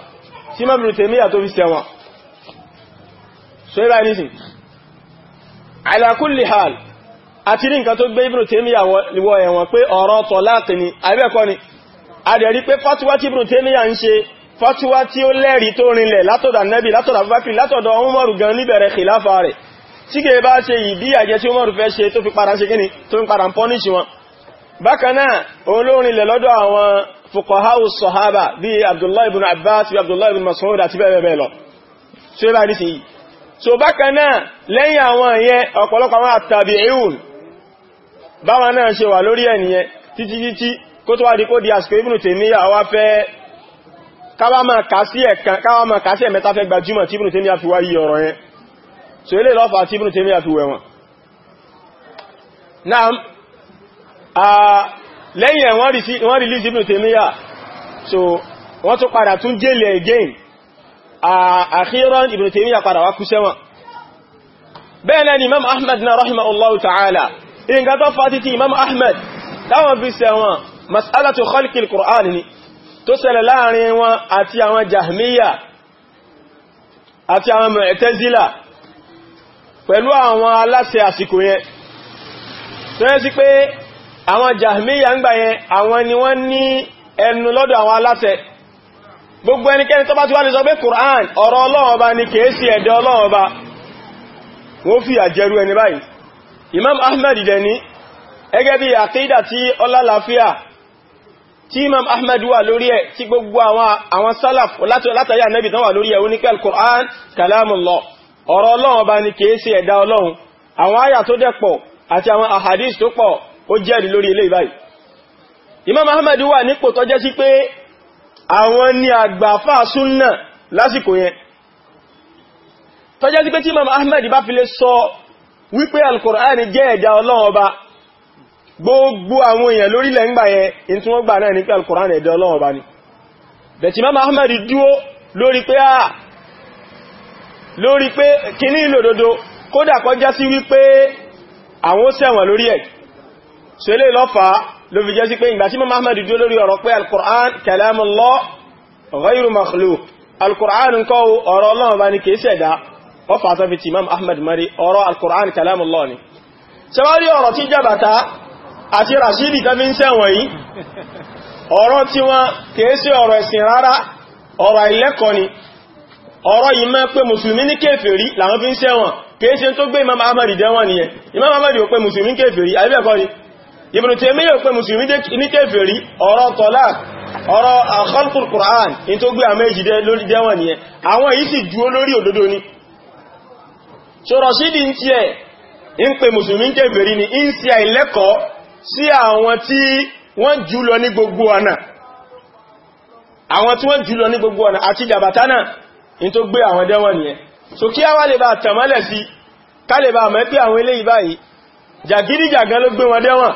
tí mọ́ bìrì tèmíyà tó fi sẹ́wọ̀n so ibá nìsìn ala kulli hal àti ní nǹkan tó gbé ibùrù tèmíyà wọ ẹ̀wọ̀n pé ọ̀rọ̀ tọ̀láàkì ni àbẹ́ẹ̀kọ́ ni a dẹ̀ rí pé fatuwa tí ibùrù tèmíyà ń ṣe fatuwa tí ó lẹ́rí tó rinlẹ̀ látọ̀dà nẹ́bì látọ̀dà Abubakar látọ̀dà Umaru gan níbẹ̀rẹ̀ khilafa rẹ̀ tí kìí bá ṣe ìbí àjẹ́ tí Umaru fẹ́ ṣe tó fi padà ṣe kíni tó fuqahau sahaba bí abdullahi ibn abbas bí abdullahi ibn mas'ud àti bẹ́ẹ̀ bẹ́ẹ̀ lọ ṣe bá ní sí yìí so bákan náà lẹ́yìn àwọn ìyẹn ọ̀pọ̀lọpọ̀ àwọn àtàbí'un báwọn náà ṣe wà lórí ẹniyẹn títí títí kó tó wá di kó di àsìkò ibn tèmíyà wá fẹ́ káwàmà kásí ẹ̀mẹ́ta fẹ́ gbajúmọ̀ tí ibn tèmíyà lẹ́yìn ẹ̀ wọ́n release Ibn Taymiyyah so wọ́n tún padà tún jẹ́lẹ̀ again àkíran Ibn Taymiyyah padà wá kú sẹ́wọ̀n bẹ́ẹ̀ náà ni Imam Ahmad na rahimahullahu ta'ala nǹkan tó fa títí Imam Ahmad táwọn fi sẹ́wọ̀n mas'alatu khalqil Qur'an ni tó ṣẹlẹ̀ láàrin wọn àti àwọn Jahmiyya àti àwọn Mu'tazila pẹ̀lú àwọn aláṣẹ àsìkò yẹn tó yẹ sí pé àwọn jahmiya ń gbà yẹn àwọn ni wọ́n ní ẹnu lọ́dọ̀ àwọn aláṣẹ gbogbo ẹnikẹ́ni tó bá ti wá ní sọ pé Qur'an ọ̀rọ̀ Ọlọ́run Ọba ni kìí sí ẹ̀dẹ̀ Ọlọ́run wọ́n fi àjẹrú ẹni báyìí Imam Ahmad dẹni ni àwọn àyà tó dẹ̀ pọ̀ àti àwọn ahadis tó pọ̀ ó jẹ́rì lórí ilé ìbáyìí Imam Ahmad wà nípò tó jẹ́ sí pé àwọn ni àgbàfà súnnà lásìkò yẹn tó jẹ́ sí pé tí Imam Ahmad bá fi lè sọ wípé al-Qur'an jẹ́ ẹ̀dá Ọlọ́run ọba gbogbo àwọn èèyàn lórílẹ̀ ń gbà yẹn in tí náà ní pé al-Qur'an ẹ̀dá Ọlọ́run ọba ni bẹ̀tí Imam Ahmad dúó lórí pé a lórí pé kìíní ìlòdòdó kódà kọjá sí àwọn ó sẹ̀wọ̀n lórí ẹ̀ so ilé lọ́fà ló fi jẹ́ sí pé ìgbà tí mọ́ Ahmad dúró lórí ọ̀rọ̀ pé al-Qur'an kalamullah ghayru makhluq al-Qur'an ń kọ́ ọ̀rọ̀ Ọlọ́run bá ní kìí ṣẹ̀dá ọfà tó fi ti Imam Ahmad mari ọ̀rọ̀ al-Qur'an kalamullah ni ṣẹwárí ọ̀rọ̀ tí jàbàtà àti Rashidi tó fi ń sẹ́wọ̀n yìí ọ̀rọ̀ tí wọ́n kìí sí ọ̀rọ̀ ẹ̀sìn rárá ọ̀rọ̀ ilẹ́kọ̀ọ́ ni ọ̀rọ̀ yìí nìyẹn Imam Ahmad ò pé mùsùlùmí kèfèrí àbí ni Ibn Taymiyyah pé musulmi ní kèfèrí ọ̀rọ̀ talaq ọ̀rọ̀ khalqul Qur'an in tó gbé àmẹ́ ìjìdẹ lórí jẹ́wọ̀n ni ẹ àwọn èyí sì dúó lórí òdodo ni so Rashidi ń tí ẹ̀ ń pè musulmi ní kèfèrí ni ń sí àìlẹ́kọ̀ọ́ sí àwọn tí wọ́n jùlọ ní ní gbogbo ọ̀nà àti jàbátá in tó gbé àwọn jẹ́wọ̀n ni ẹ so kí a wá lè bá tẹ̀mọ́lẹ̀ sí ká lè bá mẹ́ pé ló gbé wọn dẹ́wọ̀n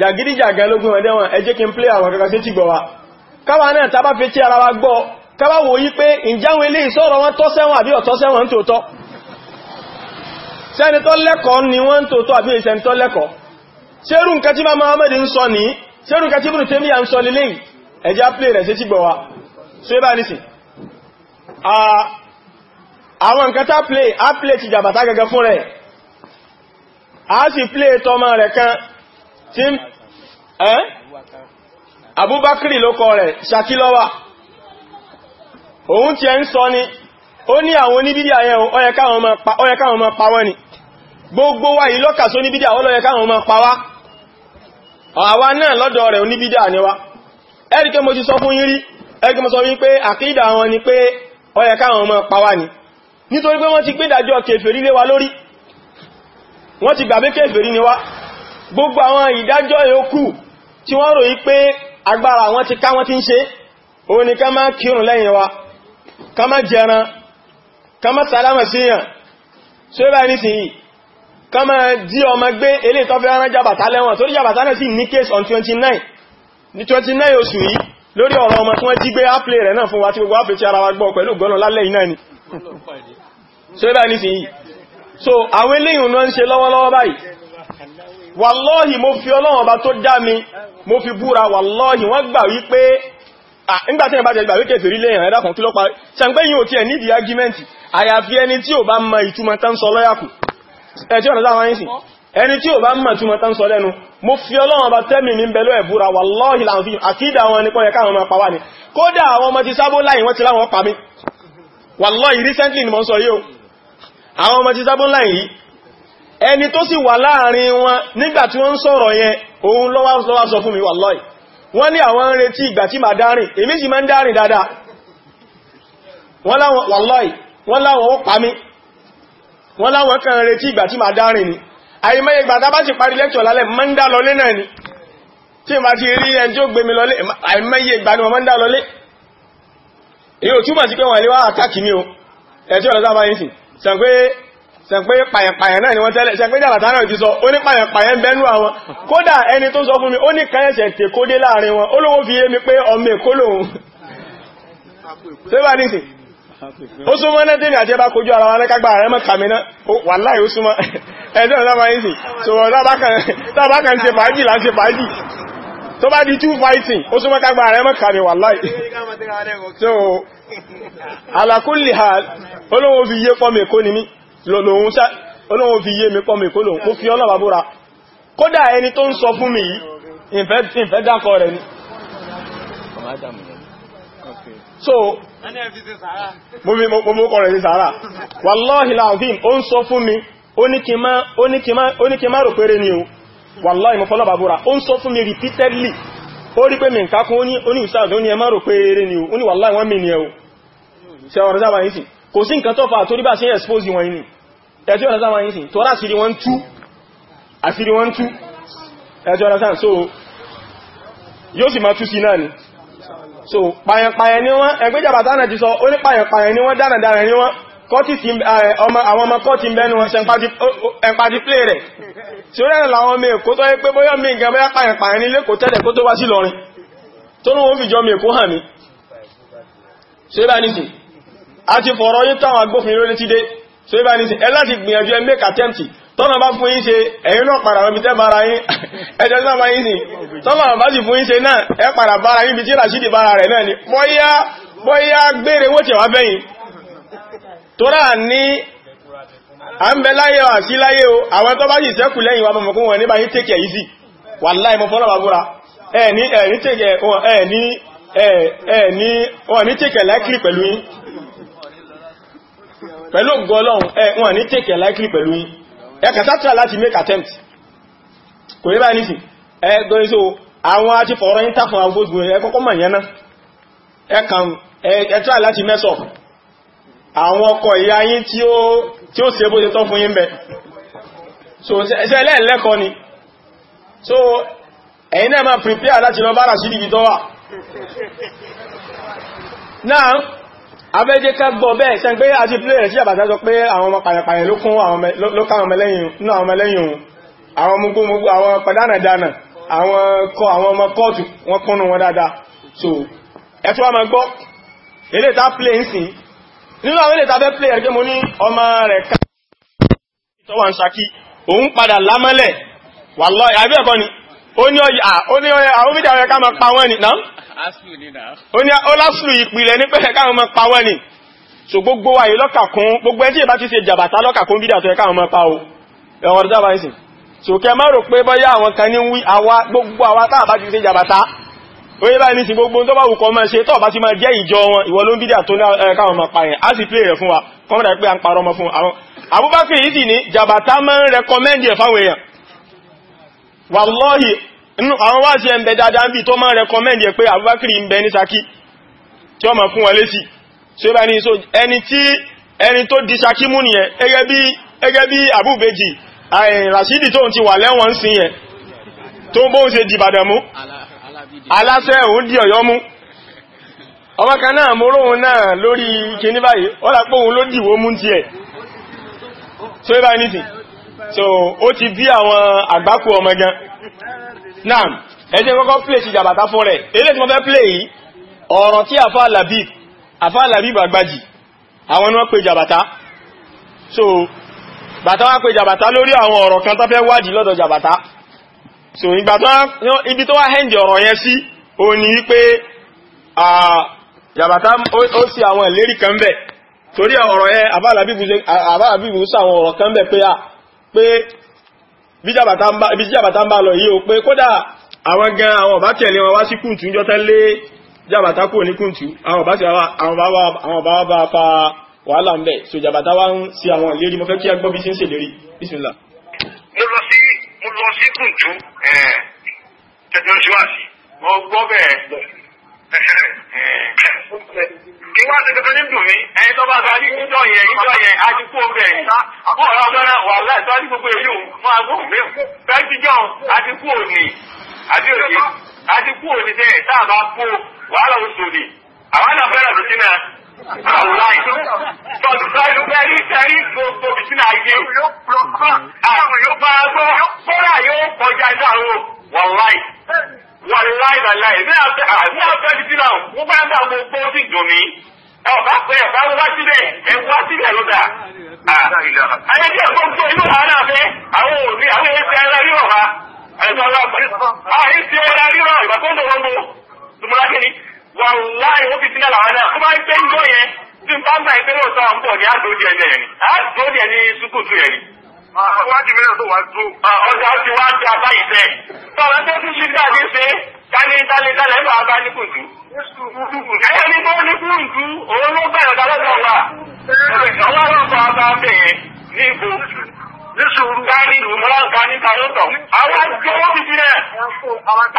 jàgídíjàgan ló gún ẹ̀dẹ́wọ̀n ẹ jẹ́ kí n plé àwọn kankan sí ti gbọ́ wa káwa náà tàbá fi tí ara wa gbọ́ káwa wò yí pé ìjáwọn ilé ìsọ́rọ̀ wọn tọ́ sẹ́wọ̀n àbí ọ̀tọ́ sẹ́wọ̀n tòótọ́ sẹ́ni lẹ́kọ̀ọ́ ni wọ́n tòótọ́ àbí ìsẹ́ni tó lẹ́kọ̀ọ́ sẹ́rù nǹkan tí máa mọ́mọ́dé ń sọ ní sẹ́rù nǹkan tí bùrù tẹ́mí à ń sọ lélẹ́ ẹjá plé rẹ̀ sí ti gbọ́ wa so tọmọ rẹ̀ kan tí ẹ́ abúbákìrì ló kọ rẹ̀ ṣàkí lọ́wà òun tí ẹ ń sọ ni ó ní àwọn oníbídíà yẹn ó yẹ pa wọ́n ni gbogbo wa yìí lọ́kà sí oníbídíà ó ló yẹ káwọn máa pa wá àwa náà lọ́dọ̀ rẹ̀ oníbídíà ni wá ẹ́rìkẹ́ mo ti sọ fún yín rí ẹ́rìkẹ́ mo sọ ni pé ó yẹ káwọn máa pa wá ni nítorí pé wọ́n ti wa gbogbo àwọn ìdájọ́ yòókù tí wọ́n rò yí pé agbára wọn ti ká wọn ti ń ṣe òun ni ká má kírun lẹ́yìn wa ká má jẹran ká má sàlámà síyàn ṣé bá ní sìn yìí ká má dí ọmọ gbé eléyìí tó fẹ́ rán jàbàtà lẹ́wọ̀n torí jàbàtà náà sì ní case on 29 so àwọn eléyìí náà ń ṣe lọ́wọ́lọ́wọ́ báyìí wàlọ́hì mo fi ọlọ́run ọba tó dá mi mo fi búra wàlọ́hì wọ́n gbà wípé nígbàtí ẹ̀bá jẹ́ ìgbàwé kèfèrí lè ẹ̀rẹ́ dàkùn kí ló parí ṣàǹgbé yìí ò tí ẹ̀ nídi agímẹ́ntì àyàfi ẹni tí ò bá mọ ìtumọ̀ tán sọ lọ́yàkù ẹ̀tí ọ̀nà láwọn mo fi ọlọ́run ọba tẹ́mì ní bẹ̀lú ẹ̀búra wàlọ́hì láwọn fi àkídà wọn ni kọ́ yẹ káwọn máa pa wá ni kódà àwọn ọmọ ti sábó láyìn wọ́n ti láwọn pa mi wàlọ́hì recently ni mo ń sọ yìí àwọn ọmọ ti sábó láyìn yìí ẹni tó sì wà láàrin wọn nígbà tí wọ́n ń sọ̀rọ̀ yẹn òun lọ́wọ́ sọ fún mi wallahi wọ́n ní àwọn ń retí ìgbà tí màá dárìn èmi sì máa ń dárìn dáadáa wọ́n láwọn wallahi wọ́n láwọn ó pa ma ti rí ẹni tí ó gbé mi lọlé ni wọ́n máa ń dá lọlé èyí ò túmọ̀ sí pé wọ́n ilé wá àtàkì mi o ẹ̀ tí ọ̀lọ́sá sẹ̀pẹ́ pàyẹ̀pàyẹ̀ náà ni wọ́n tẹ́lẹ̀ sẹ̀pẹ́ jàbàtà náà ti sọ ó ní pàyẹ̀pàyẹ̀ bẹ́nu àwọn kódà ẹni tó sọ fún mi ó ní kẹ́ẹ̀ṣẹ̀ tè kó dé láàrin wọn olówó fi yé mi pé ọmọ èkó lòun sẹ́bà nìsì ó súnmọ́ náà tí mi àti ẹbá kojú ara wọn lẹ́kàgbà rẹ̀ mọ́ kàmínà wàláì ó súnmọ́ ẹjọ́ ìlànà ìsìn sọ̀rọ̀ tábákan ṣe fàájì láti fàájì tó bá di two fighting ó súnmọ́ kágbà rẹ̀ mọ́ kàmí wàláì so ala kulli hal olówó fi yé pọ́ mi ni mí olóhun fi yé mi pọ́ mi kó lòun fi ọlọ́wà búra kódà ẹni tó ń sọ fún mi ìfẹ́ dákọ rẹ̀ ni so mo mú kọ rẹ̀ sàárà fún mi ó ní kí má rò ni o mo búra ó mi repeatedly ó rí mi nǹkan kún ó ní ni o ó ní kò sí nǹkan tó fà torí bá ṣe expose wọn ní ẹjọ́ ọ̀nà sáwọn yìí sí tó rá sírí wọ́n tú àsírí wọ́n tú ẹjọ́ ọ̀nà sáwọn so yóò sì máa tú sí náà ni so pàyẹ̀pàyẹ̀ ni wọ́n ẹgbẹ́jàbà tánà ti sọ ó ní pàyẹ̀pàyẹ̀ ni wọ́n dáradára ni wọ́n àwọn ọmọ kọ́ ti bẹ́nu wọn ṣẹ̀mpàdí plé rẹ̀ tí ó rẹ̀ láwọn ọmọ èkó tó yẹ pé bóyá mi ìgbẹ̀ bóyá pàyẹ̀pàyẹ̀ ní lẹ́kọ̀ọ́ tẹ́lẹ̀ kó tó wá sí lọrin tó ní wọ́n fi jọ mi èkó hàn mi ṣe bá nìsìn a ti fọ̀rọ̀ yí táwọn agbófinró létí dé so ibà ní sí ẹ láti gbìyànjú ẹ make attempt tọ́nà bá fún yín ṣe ẹ̀yin náà padà wọ́n bí tẹ́ bára ẹjọ́ náà bá sí tọ́nà bá sì fún yín náà ẹ padà bára yín bí tí bára rẹ̀ náà ni bóyá gbére bẹ́yìn ní à ń bẹ láyé o wa ní bá yín pẹ̀lú pẹ̀lú gọlọ́un ẹ wọn ní take likely pẹ̀lú yín ẹkà sátìrà láti make attempt kò ní báyìí nìsìn ẹ gọ́rin so àwọn àti fọ̀rọ̀ yín tàfún àwọn gbogbo ẹ kọ́kọ́ mọ̀ yẹn náà ẹ try láti mess up àwọn ọkọ̀ ìyá yín tí ó ṣe bó ṣe tán fún yín bẹ so ṣe ẹlẹ́ẹ̀lẹ́kọ́ ni so ẹ̀yin náà prepare láti lọ bára sí ibi tó wà náà abẹ́jẹ́ ká gbọ́ bẹ́ẹ̀ ṣe ń pé àti pílẹ̀rẹ̀ sí àbàtà sọ pé àwọn ọmọ pàyàpàyà ló kún ló ká ọmọ lẹ́yìn náà ọmọ lẹ́yìn òun àwọn ọmọgbogbo àwọn pẹ̀dánàdánà àwọn kọ àwọn ọmọ kọ́ọ̀tù wọn kúnnù wọn dáadáa so ẹ̀tọ́ ọmọ gbọ́ ilé ìta play ń sìn nínú àwọn ilé ìta fẹ́ play ẹ̀rẹ́ mo ní ọmọ rẹ̀ ká ìtọ́wà ń ṣakí òun padà lámọ́lẹ̀ wà ni ó ó ní ọlásùlù ìpìlẹ̀ ní pẹ́sẹ̀ káwọn ọmọ pa wọ́n ni so gbogbo wa yìí lọ́kà kún gbogbo ẹtí ìbá ti ṣe jàbàtà lọ́kà kún bídà tó yẹ káwọn ọmọ pa o ẹ̀wọ̀n ọ̀dọ́ bá ń sìn so kẹ má rò pé bọ́yá àwọn kan ní wí àwa gbogbo àwa tá àbá ti ṣe jàbàtà ó yẹ báyìí nísìn gbogbo tó bá wù kọ́ máa ṣe tó bá ti máa jẹ́ ìjọ wọn ìwọ ló ń bídà tó káwọn ọmọ pa yẹn á sì pè rẹ̀ fún wa kọ́mọ̀dà pé à ń parọ́ ọmọ fún àwọn Abubakar yìí sì ní jàbàtà máa ń rẹkọmẹ́ndì ẹ̀ fáwọn èèyàn wàlọ́hì inú àwọn wá sí ẹ̀mẹ̀ dáadáa bí tó máa rẹkọmẹ́ndì ẹ̀ pé àbúbákìrì ń bẹ ní Ṣakí tí ó máa fún wọn lésì so bá ní so ẹni tí ẹni tó di Ṣakí mú nìyẹn gẹ́gẹ́ bí àbúbejì Rashidi tó ti wà lẹ́wọ̀n sí yẹn tó ń bóun ṣe dìbàdàn mú aláṣẹ di Ọ̀yọ́ mú ọmọ kan náà mo róhun náà lórí kíní báyìí ó lápò òun ló dìwó mú ti ẹ̀ so bá ó ti bí àwọn àgbákò ọmọ gan náà ẹjẹ́ kọ́kọ́ plé ti jàbàtà fún rẹ̀ eré tí wọ́n fẹ́ plé yìí ọ̀rọ̀ tí àfá Labib àfá Labib àgbàjì àwọn ni wọ́n pè jàbàtà so bàtà wá pè jàbàtà lórí àwọn ọ̀rọ̀ kan tó fẹ́ wádìí lọ́dọ̀ jàbàtà so ibi tó wá hẹ́ndì ọ̀rọ̀ yẹn sí ó ní wípé jàbàtà ó sì àwọn ìlérí kan bẹ̀ torí ọ̀rọ̀ yẹn àfá Labib sọ bí jàbàtà ń bá lọ yí o pé kódà àwọn gan àwọn ọ̀bá tẹ̀lé wọn wá sí kùntù ń jọta lé jàbàtà kò ní kùntù àwọn ọ̀bá bá fa wàhálà ń bẹ̀ so jàbàtà wá ń sí àwọn ìlérí mo fẹ́ kí agbọ́bí sí ń ṣe lérí bísmìlá. mo lọ sí kùntù tẹ̀tẹ̀ oṣù mo gbọ́ bẹ́ẹ̀ kí wá sí ní dùn mí ẹni tó bá ga ní yẹn níjọ yẹn á ti kú oúnjẹ ọ̀rọ̀ ọgbẹ́rẹ́ wà láì ní gbogbo èyí òun máa gbóhùn mí bẹ́ẹ̀ ti òní àti òní òní sẹ́yìn tá a bá kó wàhálà oṣù ni àwọn náà fẹ́ràn lọ sínú tọ́jú sáyé bẹ́ẹ̀ ní sẹ́rí gbogbo bìtínà ayé àwọn yóò bá gbọ́ kọ́ra yóò kọjá ìdáhùn wàláì wàláì làláì ní abẹ́ ní abẹ́ títí náà wọ́n bá ń bá àwọn ọgbọ́n sì dùn mí. ẹ ò bá pẹ́ ẹ bá wá síbẹ̀ ẹ wá síbẹ̀ ló dà. ayé díẹ̀ kó tó inú wa náà fẹ́ àwọn òní àwọn èsì ẹ̀rọ rírọ̀ wa. ẹ̀sọ́ wa pẹ̀lú àwọn èsì ẹ̀rọ rírọ̀ ìgbà tó ń lọ wọ́n mú. tùmọ̀lá kìíní wàláì ó fi sílẹ̀ làwọn náà kó máa ń gbé yẹn tí Ah, ah, Wájú mélòó tó wá dúró. Ọjà ó ti wá sí apá ìfẹ́. Báwo tó ti ṣe dáadé ṣe? Dálé dálé dálé ń bá a bá ní kùtù. Ẹyẹ ní bó ní kùtù, òun ló bẹ̀rẹ̀ dálọ́dọ̀ wa. Àwọn ọlọ́pàá ọba bẹ̀rẹ̀ ní ipò. Nísòrò. Káàní ìmọ̀láǹkà ní Tàyọ̀tọ̀. Àwọn àgbẹ̀ wọ́n ti sílẹ̀.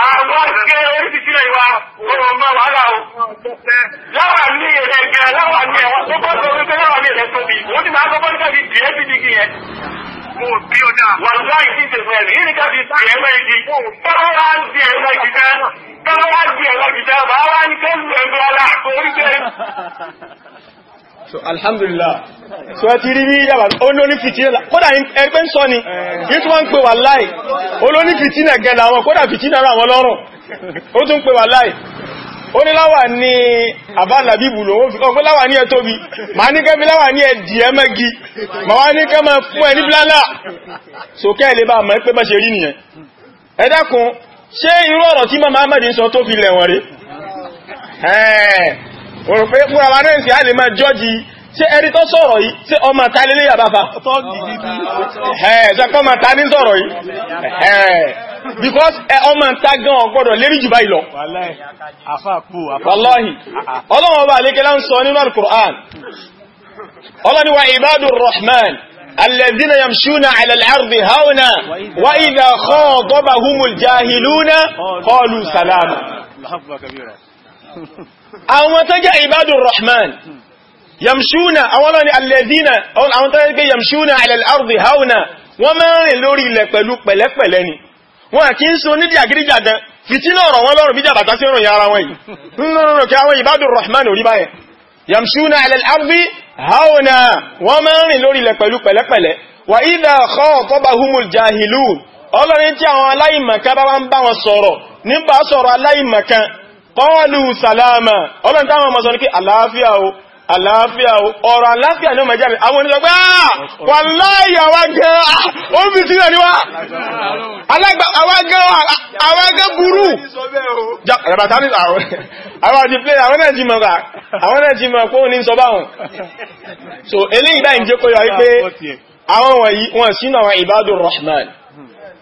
Àwọn àgbẹ̀ wọ́n ti sílẹ̀ wa. Bọ́lá ọmọ wàhálà o. Láwà ní ẹ̀rẹ̀ gẹ̀ láwà ní ẹ̀wọ̀n tó bọ́ sọ wípé láwà ní ẹ̀rẹ̀ tóbi. Òun ti máa kọ́kọ́ nípa ibi dìé bíbí yẹn mo bí ó dáa. wàhálà ìdí ìdè So alhamdulillah so ẹ ti rí ní yàrá olóní fìtínà kódà ẹgbẹ́ ń sọ ni yìí tí wọ́n ń pè wà láì olóní fìtínà gẹ̀ẹ́lá wọn kódà fìtínà ra wọn lọ́rùn ó tún pè wà láì ó ní láwà ní àbálàbíbù lòun fi kọ́ láwà ní ẹ̀tóbi ma ní kẹ́mi láwà ní ẹ̀dì ẹmẹ́gi ma wá ní kẹ́mẹ́ fún ẹni blálà sókẹ́ ilé bá mẹ́ pé mẹ́ ṣe rí nìyẹn ẹ dákun ṣé irú ọ̀rọ̀ tí mama ahmed ń sọ tó fi lẹ̀wọ̀n rí ẹ̀ẹ́ òrùpẹ́ múra wa náà sì á lè máa jọ́jì ṣe ẹni tó sọ̀rọ̀ yìí ṣe ọmọ ta nílé àbáfà ṣe ọmọ ta ní sọ̀rọ̀ yìí because ọmọ ta gan ọgbọ́dọ̀ lérí jù báyìí lọ wallahi ọlọ́wọ́n bá lékẹ́lá ń sọ nínú al-Qur'an Allah ni wa ibadur rahman الذين يمشون على الأرض هونا وإذا خاطبهم الجاهلون قالوا سلاما àwọn tó jẹ́ ibadur rahman yamṣúnà àwọn ọlọ́ni alẹ́dínà àwọn tó yẹ́ pé yamṣúnà alẹ́lẹ́rùdì hauna wọ́n máa rìn lórí ilẹ̀ pẹ̀lú pẹ̀lẹ́pẹ̀lẹ́ ni wọ́n kí ń so nídìí àgíríjàdán fìtínà ọ̀rọ̀ wọn lọ́rùn bíjà bàtà sí ìròyìn ara wọn yìí nínú kí àwọn ìbádùn rahman orí báyẹn yamṣúnà alẹ́lẹ́rùdì hauna wọ́n máa rìn lórí ilẹ̀ pẹ̀lú pẹ̀lẹ́pẹ̀lẹ́ wà ìdá khatabahumul jahilun ọlọ́rin tí àwọn aláìmọ̀kan bá ń bá àlàáfíà ọ̀rọ̀ àlàáfíà ní ọmọ ìjáde àwọn onílọ́gbé wà láyà wá gẹ́ omi tí rẹ̀ níwá alágbàwágẹ́ burú ẹ̀bàtà ní àwọn àti play àwọn náà jí mọ̀ká àwọn náà jí mọ̀ pé ó ní sọ so eléyìí báyìí jẹ́ kó yọ wípé àwọn wọ̀nyí wọ́n sínú àwọn rahman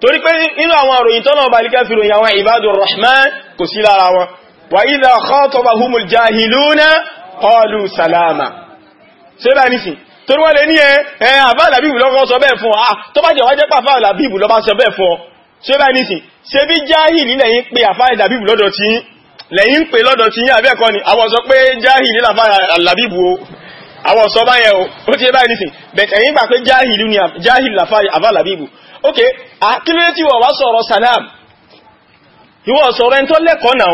torí pé nínú àwọn àròyìn tọ́nà ọba alíkẹ́ fi ròyìn àwọn ìbádùn rahman kò sí lára wọn wa idha khatabahumul jahiluna qalu salama ṣe bá nísìn torí wọ́n lè ní ẹ àfáà làbíbù lọ́kọ́ sọ bẹ́ẹ̀ fún ọ ah, tó bá jẹ́ wájẹ́ pàfáà làbíbù lọ́bá sọ bẹ́ẹ̀ fún ọ ṣe bá nísìn ṣe bí jáhìlì lẹ́yìn pé àfáà làbíbù lọ́dọ̀ tí lẹ́yìn pé lọ́dọ̀ tí yín àbẹ́ẹ̀kọ́ ni àwọn sọ pé jáhìlì làfáà làbíbù o àwọn sọ bá yẹn o ó ti yẹ báyìí nísìn bẹ̀tẹ̀ yín gbà pé jáhìlì salam ìwọ sọ̀rọ̀ ẹni tó lẹ́kọ̀ọ́ náà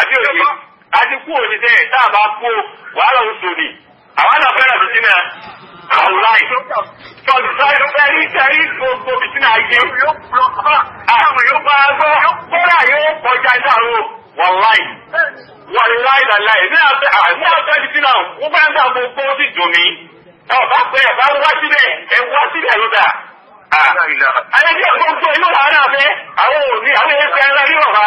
àbí òye àti kú òní sẹ tá a bá kú wàhálà oṣù ni àwọn náà fẹ́ràn tó sínú àwòrán tọ́jú sáré sẹ́rí sẹ́rí gbogbo bìtínà ayé àwọn yóò bá gbọ́ kódà yóò kọjá ìdáhùn wàláì wàláì làláì ní àfẹ́ àìmọ́ ọ̀tọ́ bìtínà wọ́n bá ń dà mọ́ gbọ́ sí dùn mí ẹ ọ̀bá pé ẹ̀bá wá síbẹ̀ ẹ wá síbẹ̀ ló dà. ayé jẹ́ gbogbo inú wàhálà fẹ́ àwọn òní àwọn ẹ̀fẹ́ ńlá ní ọ̀bá.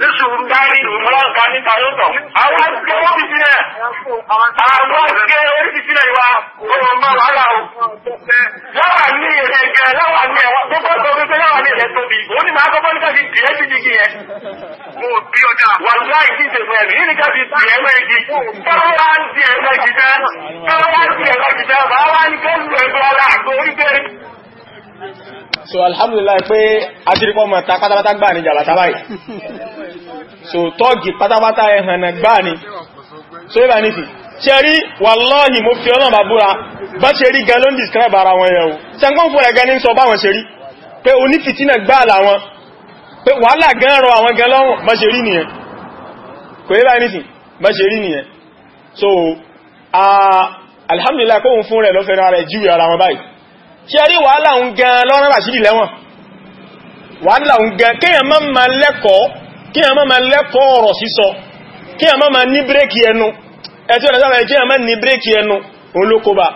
ní sùúrù káàdì ìlú mọ́láǹkà níta ló tọ̀. àwọn àgbẹ̀ wọ́n fi sílẹ̀ àwọn àgbẹ̀ orí fi sílẹ̀ wa ọ̀rọ̀ máa wàhálà o. láwà ní èrè ẹ̀gẹ̀ láwà ní ẹ̀wà tó kọ́ sọ pé láwà ní èrè tóbi ni màá kọ́kọ́ níta fi tìẹ́ sí jígi yẹn. mo bí ọjà wà láì sí ìṣègùn ẹ̀mí yìí níta fi tìẹ́ mẹ́gi. káwá ń ti ẹ̀fẹ́ jìjẹ́ káwá ń ti ẹ̀fẹ́ jìjẹ́ bàbá So alhamdulillah pé a ti rí pọ́ mọ̀ ta pátápátá gbà ní jàbátá báyìí so tọ́gì pátápátá ẹ̀hànà gbáà ni so yíba ní sí ṣe rí wàláhì mo fi ọlọ́mà búra bá ṣe rí gan ló ń describe ara wọn yẹ̀wò ṣẹ́gbọ́n fún ẹ̀gẹ́ ní sọ báwọn ṣe rí pé onífìtínà gbáà làwọn pé wàhálà gan rọ àwọn gan lọ́wọ́ bá ṣe rí nìyẹn kò yíba ní sí bá ṣe rí nìyẹn so alhamdulillah kóhun fún rẹ̀ lọ́fẹ́ ara ẹ̀ jíwì ara wọn báyìí ṣe rí wàhálà ń gan lọ́rọ̀ kí a máa lẹ́kọ̀ọ́ ọ̀rọ̀ sísọ kí a máa ní bírèkì ẹnu ẹ̀tí ọ̀rẹ́ kí a máa ní bírèkì ẹnu olókóbá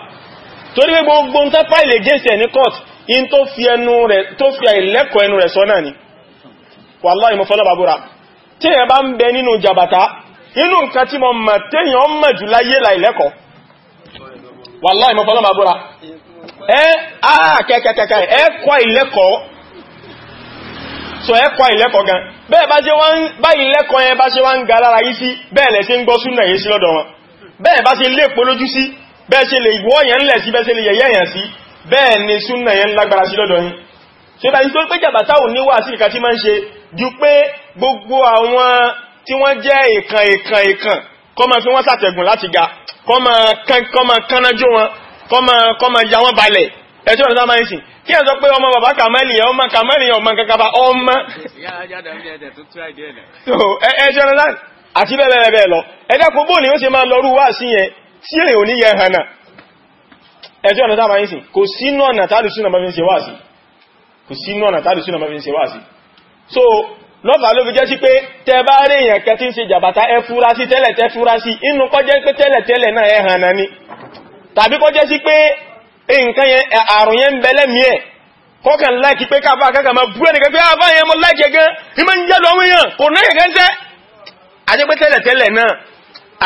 torí gbogbo ń ilẹ̀ gẹ́ẹ̀sẹ̀ ní court in tó fi ẹnu rẹ̀ sọ náà ni wàláhì mo nínú ah, kọ́ ìlẹ́kọ̀ọ́ so ẹ̀kọ́ ìlẹ́kọ̀ọ́ gan bẹ́ẹ̀ bá ṣe wọ́n bá ìlẹ́kọ̀ọ́ yẹn bá ṣe wá ń ga lára yí sí bẹ́ẹ̀ lẹ̀ ṣe ń gbọ́ súnà yìí sí lọ́dọ̀ wọn bẹ́ẹ̀ bá ṣe lè polójú sí bẹ́ẹ̀ ṣe lè ìwọ́ yẹn lẹ̀ sí bẹ́ẹ̀ ṣe lè yẹ̀yẹ́ yẹn sí bẹ́ẹ̀ ni súnà yẹn lágbára sí lọ́dọ̀ yín ṣe bá ń tó pé jàbátá ò ní wà sí ìka tí máa ń ṣe ju pé gbogbo kí ẹ̀ sọ pé ọmọ bàbá kàmẹ́lì ẹ̀ ọmọ kàmẹ́lì ẹ̀ ọmọ kankan bá ọmọ ẹ̀ṣẹ́ rẹ̀ àti bẹ́ẹ̀ bẹ́ẹ̀ lọ ẹ̀dẹ́kùn bóò ni ó ṣe máa lọrú wá sí yẹn tí èrè ò ní yẹ hànà ẹjọ́ ọ̀nà tàbí ìsìn kò sínú ọ̀nà tàbí súnà ma fi ń ṣe wáàsí kò sínú ọ̀nà tàbí súnà ma fi ń ṣe wáàsí so lọ́fà ló fi jẹ́ sí pé tẹ bá rí èyàn kẹ tí ń ṣe jàbàtà ẹ fúra sí tẹ́lẹ̀ tẹ́ fúra sí inú kọjẹ́ pé tẹ́lẹ̀ tẹ́lẹ̀ náà ẹ hànà ni tàbí kọjẹ́ sí pé nǹkan yẹn àrùn yẹn bẹ̀lẹ̀ láìkí pé káàbà kẹ́kà máa bú ẹnìkan pé àbá ah, yẹn mọ́ láìkẹ́ gan ìmọ̀ ń jẹ́lọ àwọn èèyàn kò náà kẹ́kẹ́ tẹ́ ajẹ́pẹ́ tẹ́lẹ̀tẹ́lẹ̀ náà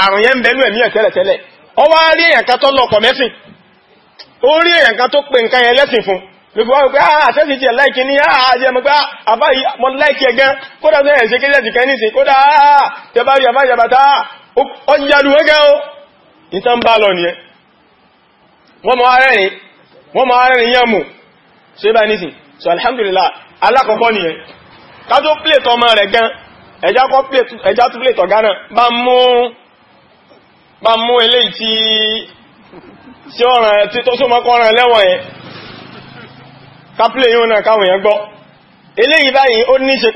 àrùn yẹn bẹ̀lú ẹ̀mí rí èèyàn kan tó lọ́kọ̀ mẹ́sìn ó rí èèyàn kan tó yẹn wọ́n mọ̀ arẹ́rin wọ́n mọ̀ arẹ́rin yẹ́mù so ibá nísìn so alhamdulillah alákọ̀ọ́kọ́ nìyẹn ká tó plate ọmọ rẹ̀ gan ẹjá tó plate ọ̀gá náà bá mú ilé tí tí ọ̀ràn tí tó súnmọ́ kọ́ ọ̀ràn lẹ́wọ̀n yẹn ká plate yóò náà káwọn yẹn gbọ́ eléyìí báyìí ó ní ṣe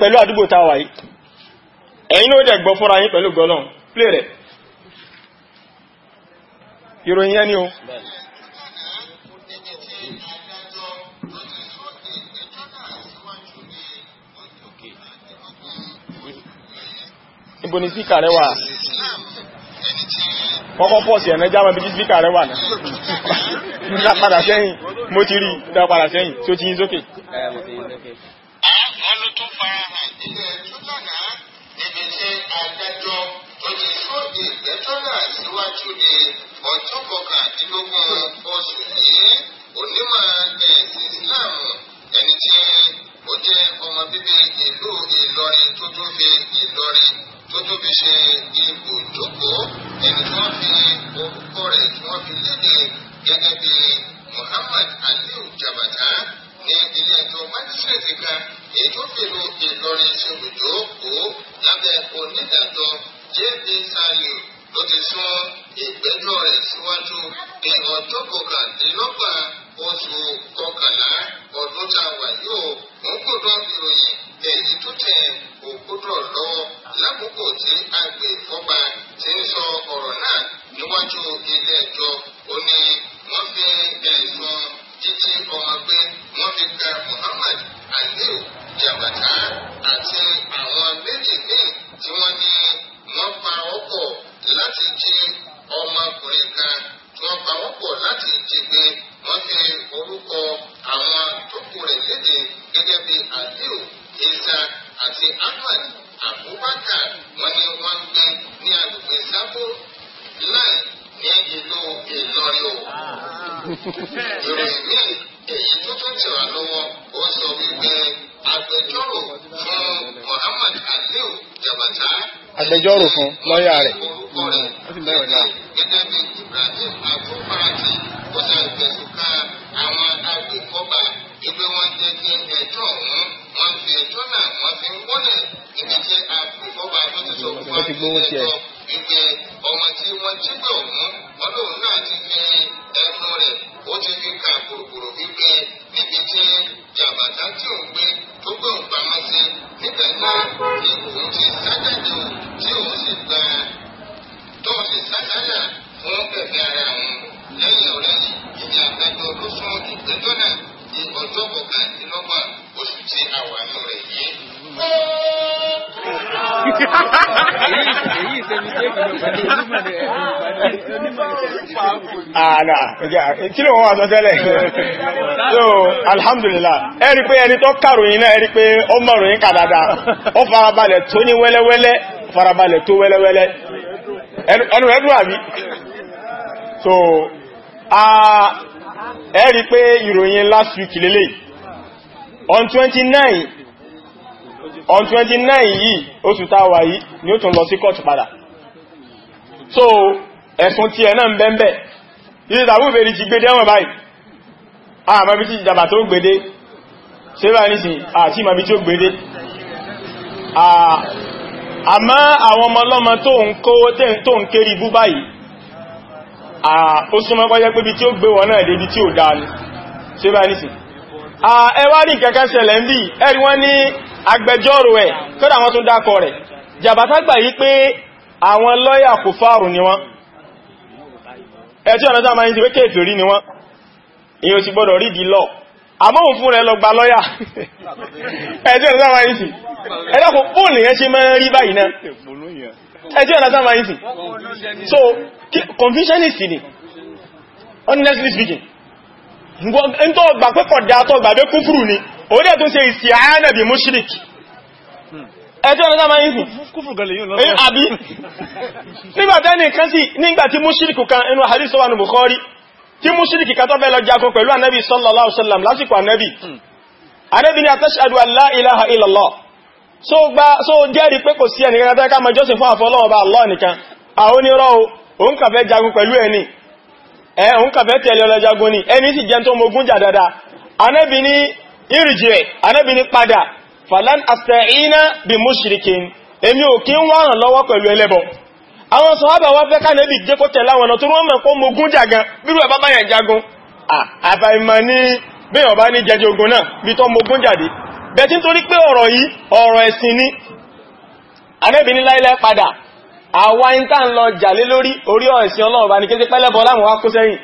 ni o níbo ni síkà rẹ wà kọ́kọ́ pọ̀ sí ẹ̀nà jámọ́ bí i síkà rẹ wà náà dá padà sẹ́yìn mo ti rí padà sẹ́yìn tí ó ti yín sókè. onímọ̀ ẹ̀sìn Islam ẹni tí ó jẹ́ ọmọ bíbí ìlú Ìlọrin tó tún fi Ìlọrin tó tún fi ṣe ibùdókò ẹni tí wọ́n fi orúkọ rẹ̀ tí wọ́n fi léde gẹ́gẹ́ bí Muhammad Aliu Jabata ní ilé ẹjọ́ májísírèètì kan èyí tó fìlú Ìlọrin ṣe ibùdókò lábẹ́ onídàájọ́ J.B. Saliu ló ti sún ìgbẹ́jọ́ rẹ̀ síwájú ní ọjọ́ kọkàndínlọ́gbọ̀n. Otu kọkànlá ọdún wayo a wà yóò mú kó èyí agbẹjọ́rò fún lọ́ọ̀yà rẹ̀. wọ́n ti sọ fún ọmọ tí wọ́n jí gbé ọ̀hún ọlọ́run náà ti fi ẹnu rẹ̀ ó ti fi ka kòròkòrò gbígbẹ níbi tí jàbàtà tí ò gbé tó gbé òun sí níbẹ̀ náà ni òun ti sájáde tí òun sì gba tó sì sájádà fún bẹ̀bẹ̀ ara òun lẹ́yìn ọ̀rẹ́ yìí ìdí àgbájọ ló sún ìgbẹ́jọ́ náà ní ọjọ́ kọkàndínlọ́gbọ̀n oṣù tí a wà nù rẹ̀ yìí. Ààlà, ah, ah, kí ló wọ́n So, alhamdulillah, ẹ̀rí pé ẹni tó kàròyìn náà ẹ̀rí pé ó mọ̀ròyìn kà dáadáa, ó farabalẹ̀ tó ní wẹ́lẹ́wẹ́lẹ́, farabalẹ̀ tó wẹ́lẹ́wẹ́lẹ́. Ẹnu ẹ̀dùn àbí? So, ẹ̀rí pé ìròyìn last week lélẹ̀. On 29, on 29 yìí oṣù tá a wà yìí ni ó tún lọ sí court padà so ẹ̀sùn tiẹ̀ náà ń bẹ́ńbẹ́ títí tàbí ìbèrè ti gbé dẹ́wọ̀n báyìí àmọ́ ibi tí ìjàmbá tó gbédé ṣe bá ní sí Ah, ìmọ̀ ibi tí ó gbédé àmọ́ àwọn ọmọ ọlọ́mọ tó ń kówó tẹ́ tó ń kéré ibú báyìí ó súnmọ́ kọjẹ́ pé ibi tí ó gbé wọn náà débi tí ó dáa ní ṣe bá ní sí ẹwà ní kẹ́kẹ́ ṣẹlẹ̀ ń bí ẹ̀rí wọ́n ní agbẹjọ́rò ẹ̀ kọ́dà wọ́n tún dákọ rẹ̀ jàbátá gbà yí pé àwọn lọ́yà kò fàrù ni wọ́n ẹjọ́ ọ̀nà tàbí ti wékè ètò rí ni wọ́n èyàn ti gbọ́dọ̀ rí di lọ àmóhùn fún rẹ̀ lọ gba lọ́yà ẹjọ́ ọ̀nà tàbí ti ẹ̀dọ́kùn honestly speaking ń tó gbà pé kódà tó gbà pé ni ó dẹ̀ tún ṣe ìsìáánà bí mushrik ẹ̀tí ọ̀nà náà máa ń hùn àbí nígbàtẹ́ nìkan sí nígbàtí mushrik kan inú àhàrísọ́ wà ní Bukhari tí mushrik kan tó fẹ́ lọ jagun pẹ̀lú ànábì sallallahu alaihi wasallam lásìkò ànábì hmm. ànábì ni atashhadu an la ilaha illallah so gba so jẹ́rìí pé kò sí ẹnìkan tẹ́ ká máa jọ́sìn fún àfọlọ́wọ́ bá Allah nìkan àwọn onírọ́ òun kàfẹ́ jagun pẹ̀lú ẹni ẹ̀ òun kàfẹ́ tẹ̀lé ọlọ́jagun ni ẹni sì jẹ́ tó mogun jà dáadáa ànábì ni irji Ànábì ní falan asta'ina bi mushrikin èmi ò kí ń wá ràn lọ́wọ́ pẹ̀lú ẹlẹ́bọ àwọn sọ̀hábà wá fẹ́ kánẹ́bì jẹ́ kó tẹ̀lá wọn tó wọ́n mọ̀ kó mogun jàgan bírú ẹ̀bá báyà jagun àfàìmọ̀ ní bíyàn bá ní jẹjẹ ogun náà bí tó mogun jáde bẹ̀tí torí pé ọ̀rọ̀ yìí ọ̀rọ̀ ẹ̀sìn ni Ànábì ní láìlẹ́ padà àwa ìta ń lọ jàlé lórí orí ẹ̀sìn Ọlọ́run bá ní kété pẹ́lẹ́bọ láwọn wá kó sẹ́yìn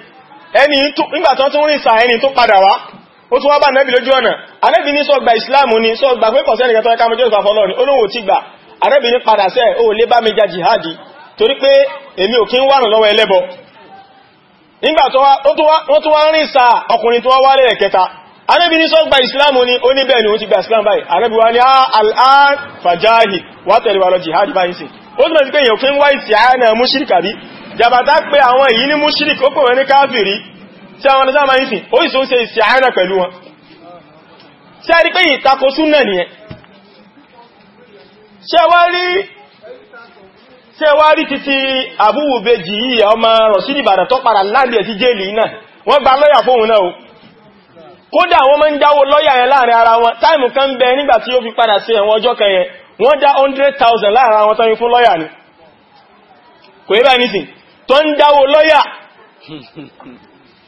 ẹni nígbà tó tún rìn sà ẹni tó padà wá ó tún wá bá nẹ́bì lójú ọ̀nà anẹ́bì ní sọ́gbà ìsìláàmù ni sọ́gbà pé kọ̀sẹ́ nìkan tó ẹ́ká mọ́jọ́ ìfàfọ́lọ́ ni olóhùn ti gbà anẹ́bì ní padà sẹ́ ó lé bá mi jihadi torí pé èmi ò kí ń wárùn lọ́wọ́ ẹlẹ́bọ nígbà tó wá rìn sa ọkùnrin tó wá wálé rẹ̀ kẹta anẹ́bì ní sọ́gbà ìsìláàmù ni ó ní bẹ́ẹ̀ ni ó ti gbà ìsìláàmù báyìí jihadi báyìí sí ó túnmọ̀ sí pé èyàn fi ń wá ìtì àánà mú ṣíríkà bí tí àwọn ọ̀nà dáma ìsìn ó ìsìn pẹ̀lú wọn ṣe rí pé ìtakò súnnà nìyẹn ṣe wá rí títí àbúwòbejì yìí ọmọ rọ̀sílì Ìbàdàn tó padà láàrin ti jẹ́lì náà wọ́n gba lọ́yà fóhun náà kódà wọ́n máa ń dáwó lọ́yà yẹn láàrin ara wọn táìmù kan bẹ nígbà tí ó fi padà sí ẹ̀wọ̀n ọjọ́ kan yẹn wọ́n dá 100,000 láàrin ara wọn tó fún lọ́yà ni kò yí bá tó ń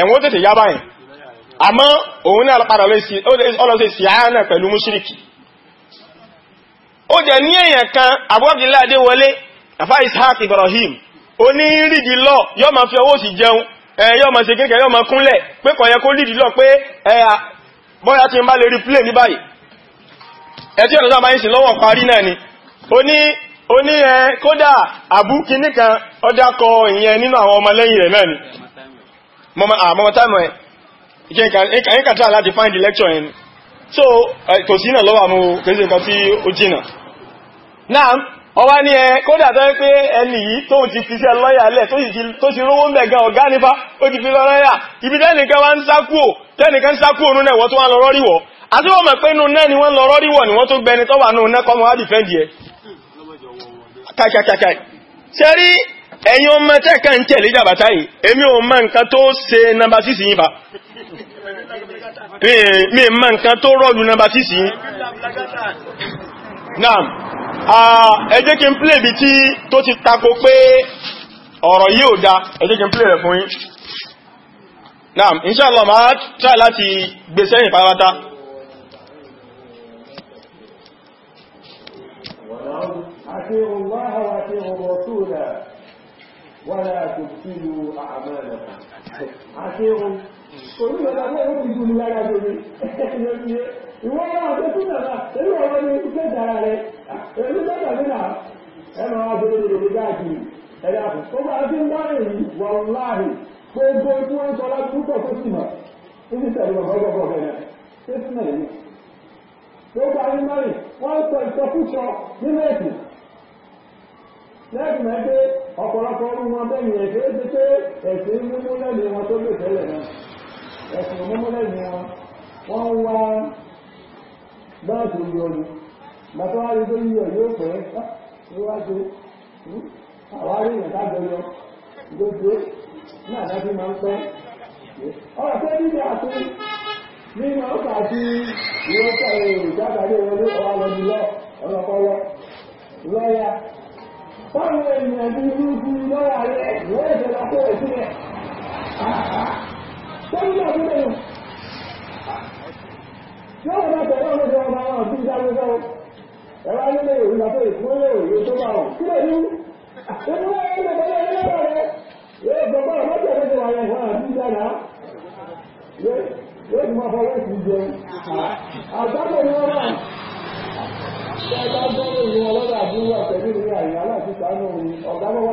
ẹ̀wọ́n tètè yá báyìí àmọ́ òun ọla padà ọlọ́sẹ̀ sí àánà pẹ̀lú múṣíríkì ó jẹ́ ní èèyàn kan Abu Abdillah Adéwọlé àfá isaac Ibrahim ó ní rídì lọ yọ́ ma fi owó sí jẹun yọ́ ma yọ́ ma kúnlẹ̀ pé lọ bọ́yá ti ń bá lè rí plé mọ́mọ́ táìmọ̀ ẹ̀ ìkẹ́ ìkàtà to find the lecture in so kò sí náà lọ́wọ́ àmú kèsì nǹkan tí ó jìnà náà ọwá ní ẹ kódà tó pé ẹni ti fi iṣẹ́ lawyer le tó ti rówó mẹ́gan ọ̀gá nípa ti fi ibi tẹ́nìkan wá ń sákúò tẹ́nìkan sákúò nú náà wọ́n tó wá lọ rọ́ríwọ̀ àti ni wọ́n lọ ni wọ́n ẹ̀yin o mọ́ tẹ́ẹ̀kẹ́ ń tẹ̀lé jàbátá yìí èmi o mọ́ nǹkan tó ṣe nọmbà 6 yìí fa mi mọ́ nǹkan tó rọ̀lù nọmbà 6 yìí náà ẹ jẹ́ kí n plé bí tí tó ti tako pé ọ̀rọ̀ yìí ò dá ẹ jẹ́ kí n plé rẹ̀ fún yín náà inṣàlọ́ máa try láti gbé sẹ́yìn pátápátá أطيعوا ولا تبطلوا أعمالكم عسير orí ọ̀dà náà ó ti gún mi lára gbèrè ìwọ náà tó tún nàrà èyí ọ̀rọ̀ ni ojú fẹ́ dára rẹ èyí tó tàbí náà ẹ máa bèrè lèrè káàkiri ẹ̀rẹ́ àpò tó bá ti ń dára èyí wà láàrin gbogbo tí wọ́n ń sọ láti púpọ̀ tó sì mọ̀ níbi tẹ̀lé ọ̀gá ọgbọ̀gbọ̀ ọ̀gá náà tó sì náà yìí gbogbo ayé márùn-ún wọ́n ń sọ ìsọkúsọ nínú ẹ̀sìn lẹ́ẹ̀kì mẹ́tẹ́ ọ̀pọ̀lọpọ̀ ọdún wọn bẹ́ẹ̀ yẹn kí ó ti pé ẹ̀sìn mímú wọ́n yẹ ìrìnàjò burúkú lọ́wọ́ rẹ̀ wọ́n yẹ ìjọba kó rẹ̀ sílẹ̀. wọ́n yẹ ọdún lẹ́nu. wọ́n yẹ bàtà náà lọ́jọ́ ọba náà sí ìdájọ́ sọ́wọ́. ẹ̀rọ ayélujára yóò gbà pé ìfún yóò yóò tó bá wọn. kí lè ní. ìlú wọn yẹ ìjọba yẹn lọ́wọ́ rẹ̀. yóò gbọ́gbọ́ ọ̀rọ̀dọ̀ ọ̀rọ̀dọ̀ wà yẹn fún àti ìdára. yóò ti máa fọwọ́ sí ìjẹun. àgbàdo ni wọ́n máa Ṣẹ́gbá gbọ́nà ìwọ̀n ọlọ́dà fún wà pẹ̀lú ìrìn àyà láti sàánú òun ọ̀gá lọ́wọ́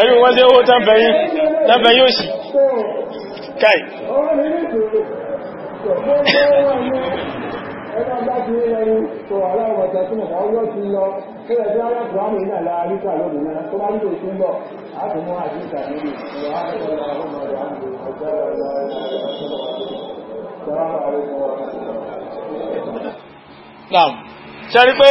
ẹ̀rù wọ́n jẹ́ owó tánbẹ̀ yóò sì káì Naam, ṣe rí pé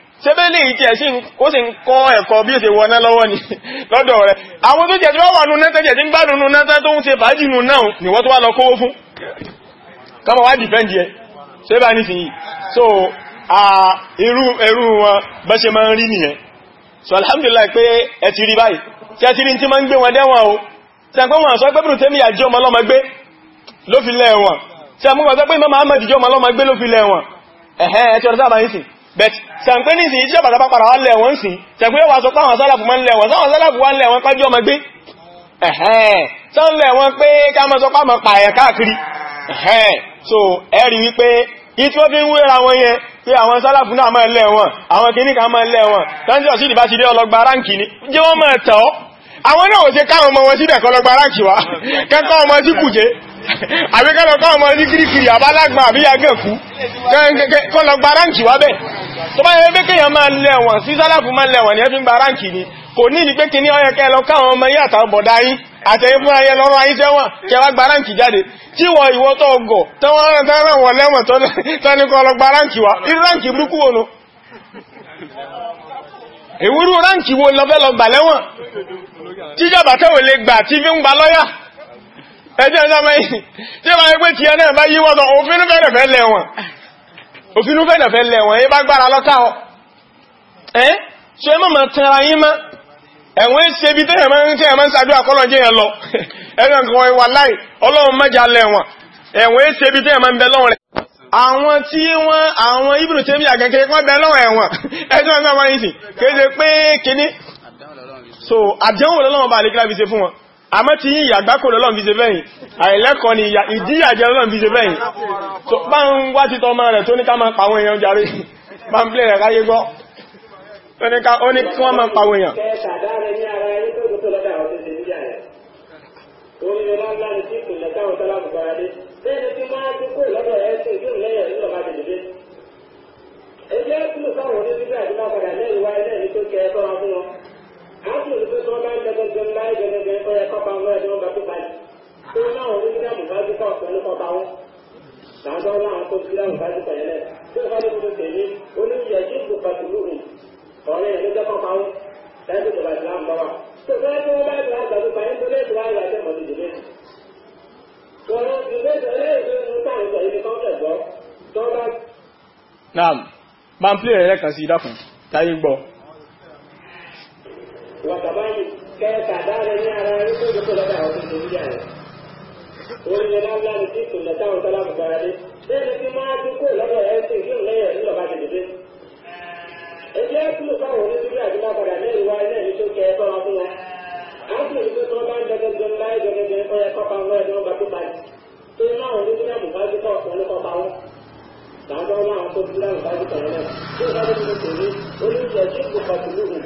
sẹ́bẹ̀lì ìtì ẹ̀ṣìn ó sì ń kọ́ ẹ̀kọ́ bí ó ṣe wọná lọ́wọ́ ni lọ́dọ̀ rẹ̀ àwọn tó jẹ̀tí wọ́n wà nù náà tẹ́jẹ̀ tí ń gbádùn nù náà tó ń ṣe fàájì nù náà ni wọ́n tó wá lọ kówó fún kọmọ wá dìfẹ́ndì ẹ so a irú ẹrú wọn bẹ́ so alhamdulillah pé ẹ ti rí báyìí tí ẹ ti rí tí máa ń gbé wọn dẹ́wọ̀n o tẹ́gbọ́n wọn sọ pé bùrù tẹ́mi àjọ ọmọ ọlọ́mọ gbé ló fi ẹ̀hẹ́ ẹ̀ tí ọ̀rọ̀ sábà But sàǹpé ní ìsìn ìjọba tàbá padà wá lẹ́wọ̀n sí sàǹpé wà sọ pé àwọn sálàfù máa ń lẹ́wọ̀n sáwọn sálàfù wá lẹ́wọ̀n pẹ́jọ́ ọmọ gbé ẹ̀hẹ́n sọ ń lẹ́wọ̀n pé ká mọ́ sọ pá mọ́ pààyàn káàkiri ẹ̀hẹ́n so ẹ̀rí wípé ìtọ́ fi ń wéra wọn yẹn pé àwọn sálàfù náà máa lẹ́wọ̀n àwọn kìíní kan máa lẹ́wọ̀n tọ́jú ọ̀sí ìdìbá ti dé ọlọ́gba ráǹkì ni jẹ́ wọ́n máa tọ́ àwọn náà ò ṣe káwọn ọmọ wọn síbẹ̀ kọ́ lọ́gba ráǹkì wa ní kìrìkìrì àbálágbà àbíyàgẹ̀kú kọ́ lọ́gba ráǹkì wa bẹ́ẹ̀ tó bá yẹ pé kéèyàn máa lẹ́wọ̀n sí sálàfù máa lẹ́wọ̀n ní ẹ fi ń ni kò ní ìdí pé kí ní ọyẹ̀kẹ́ lọ káwọn ọmọ yàtà ọbọ̀dá yìí àtẹ̀yí fún ayẹ lọ́rọ̀ ayé sẹ́wọ̀n kẹwà gbaráǹkì jáde tí wọ ìwọ tó ọgọ̀ tó wọ́n rẹ̀ wọ̀ lẹ́wọ̀n tó ní kọ́ lọ gbaráǹkì wá irú ráǹkì burúkú wo nu ìwúrú ráǹkì wo lọ fẹ́ lọ gbà lẹ́wọ̀n tíjọba tẹ́wọ̀ lè gbà tí ń gba lọ́yà ẹjẹ́ ẹjọ́ bá yẹ pé tiẹ̀ náà òfinú fẹ́ nàfẹ́ lẹ́wọ̀n yí bá gbára lọ́ká ọ ẹ́ ṣe mọ́ ma tẹ́ra yí má ẹ̀wọ́n ṣe bí tẹ́yẹ̀ máa ń tẹ́yẹ̀ máa ń sàdúrà kọ́lọ̀ jẹ́ yẹn lọ ẹ̀wọ́n kan wà láì ọlọ́run mẹ́jà lẹ́wọ̀n ẹ̀wọ́n ṣe bí tẹ́yẹ̀ máa ń bẹ lọ́wọ́ rẹ̀ àwọn tí wọ́n àwọn ibùdó tẹ́bí àgẹ́gẹ́ pọ́n bẹ lọ́wọ́ ẹ̀wọ̀n ẹjọ́ náà wáyé sí kéde pé kíní so àdéhùn lọ́wọ́ bá àlékílábi ṣe fún àmọ́ ti yí ìyàgbákò lọ́lọ́n fi ṣe bẹ́yìn àìlẹ́kọ̀ọ́ ni ìdíyàjẹ́ lọ́lọ́n fi ṣe bẹ́yìn tó bá ń wá títọ́ ọmọ rẹ̀ tó ní ká máa pàwọn èèyàn jàre bá ń plẹ̀ rẹ̀ Ẹgbẹ́ ẹ̀kùn fáwọn oníbíbẹ̀ àti máa padà lẹ́yìn tó kẹ ẹ̀kọ́ wa wọn àti ìlú tó bá ń dẹgbẹgbẹ ńlá ìdẹgbẹgbẹ ó yẹ kọ́pa wọn ẹ̀dọ́ ọgbà tó balẹ̀ tó láwọn onígbà mùbájú kọ́ pẹ̀lú kọ́pa wọn làwọn láwọn tó ti láwọn mùbájú pẹ̀lú ẹ̀ tó bá lóko tó tèmi oníyẹ jíìpù pàtìlúhùn ọ̀rẹ́ ẹ̀ ló jẹ́ kọ́pa wọn láti tó bá ti láwọn bá wà tó bá tó bá ti láwọn gbàdú pa nítorí ètò láyé àti ẹ̀mọ́ ti dìbò tọ́lá ìgbésẹ̀ ẹlẹ́yìn tó ń tàn وكذلك كذلك يعني يقول يقول لك أو تنتهي يعني orin yẹn bá ń láti tí ìpìlẹ̀ táwọn sálámù gbára dé lẹ́yìn tí máa ti kó lọ́dọ̀ ẹ̀sìn kí n lẹ́yìn ẹ̀sìn lọ́ba ti dìde. ẹgbẹ́ ẹ̀sìnlò fáwọn onídìrí àdúgbò padà mẹ́rin wá ilé ẹ̀mí tó kẹ ẹ tọ́ra fún wa. àásìlò tó tó bá ń jẹgẹjẹ láì jẹgẹjẹ ọyẹ kọ́pa ń lọ́yẹ tó ń bá tó parí. tó ní àwọn onídìrí àmì bá dúkọ̀ ọ̀sán ló kọ́pa wọn. làwọn tó máa ń kó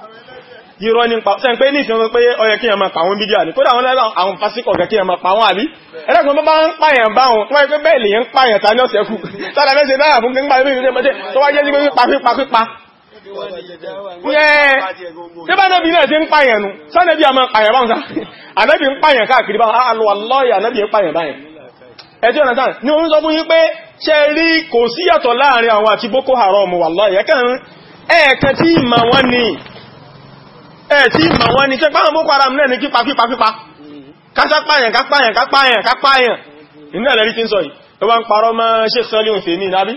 irọ́ ní pa sẹ́n pé ní ìsinmi pé ọyẹ kí ẹmà pàwọn bídí àní kódà wọn lẹ́lọ àwọn fásikọ̀ gẹ̀ kí ẹmà pàwọn àbí ẹlẹ́gbọ́n bá ń pààyàn báwọn tó wáyé pé bẹ́ẹ̀ lè ń pààyàn ta ní ọ̀sẹ̀ kù sára mẹ́sẹ̀ dáyà fún gbígbà ibi ìrìn mẹ́tẹ́ tó wáyé sí pé pípa pípa tí bá nẹ́bí náà ti ń pààyàn nù sọ́nẹ́bí àmà pààyàn báwọn sáà ànẹ́bí ń pààyàn káàkiri báwọn alùwàlọ́yà ànẹ́bí ń pààyàn báyìí ẹ̀tí ọ̀nà tán ní oúnjẹ fún yí pé ṣe rí kò síyàtọ̀ ẹ̀ tí ìmọ̀ wọn ni tẹ́ páwọn boko haram náà ní kípa kípa kípa káṣápáyàn kápáyàn kápáyàn kápáyàn nínú ẹ̀lẹ́rí tí ń sọ yìí ó bá ń parọ́ mọ́ ṣe sọ lé òǹtẹ̀mí nábí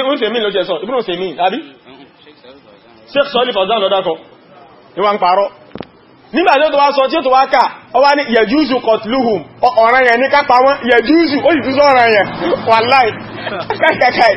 òǹtẹ̀mí ló jẹ́ sọ ìbúrò òǹtẹ̀mí nábí ṣe sọ lè fọ̀zán lọ́dákọ̀ ní wọ́n ń parọ́ nígbà tí ó tó wá sọ tí ó tó wá kà ọ wá ní yẹjúùsù kọtìlúhùn ọ̀ràn yẹn ní kápá wọn yẹjúùsù ó yìí tó sọ ọ̀ràn wà láì káìkàkàì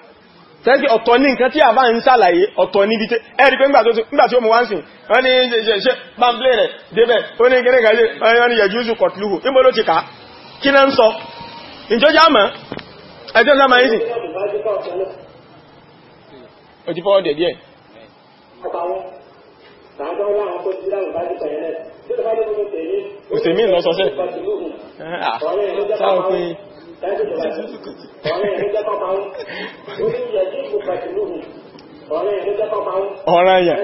tẹ́kì ọ̀tọ̀ ní nǹkan tí a bá ń ṣàlàyé ọ̀tọ̀ níbi tí ẹ̀rí pé ńgbà tí ó mú wá ń sìn wọ́n ni ṣe pamphlet rẹ̀ débẹ̀ ó ní gẹ́rẹ́ gẹ́rẹ́ ọ̀yọ́ ni yẹjúúsù kọ̀tùlúhù níbo ló ti ká kí náà ń sọ ìjọjá ọ̀ràn yẹn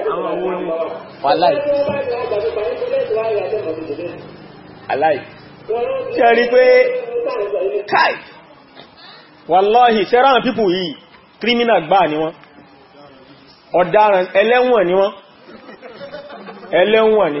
wàláì aláì tí a rí pé káì wàláì sẹ́ràn pípù yìí ni ni wọ́n ni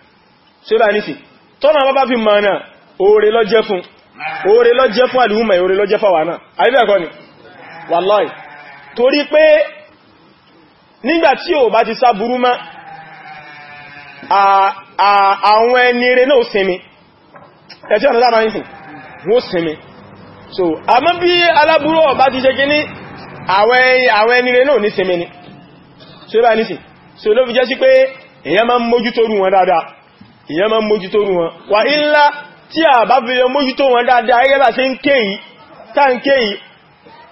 ṣe bá nísì tọ́nà bá bá fi mọ̀ náà oore lọ jẹ́ fún oore lọ jẹ́ fún àlúmọ̀ oore lọ jẹ́ fàwà náà àríbẹ̀ kọ́ ni wàláì torí pé nígbà tí ò bá ti sá burú mọ́ àwọn ẹni náà sinmi ẹ̀tí ọ̀nà dára nísì wọ́n sinmi so àmọ́ bí aláburú ọ̀bá ti ṣe kíní àwọn ẹni náà ní ni ṣe bá nísì so ló fi jẹ́ sí pé èyàn máa ń mójútó rú wọn dáadáa ìyẹn máa mójútó rú wọn wà ńlá tí a bá fi mójútó wọn dáadáa gẹ́gẹ́ bá ṣe ń ké yìí tá ń ké yìí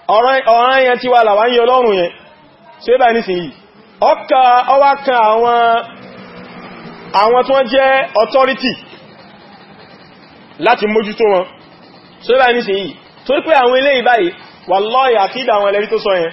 ọ̀ràn yẹn tí wà làwà ń yọ lọ́rùn yẹn ṣe bá ní sí yìí ọkà ọwá kan àwọn tí wọ́n jẹ́ authority láti mójútó wọn ṣe bá ní sí yìí tó pé àwọn eléyìí báyìí wallahi àkídà àwọn ẹlẹ́rí tó sọ yẹn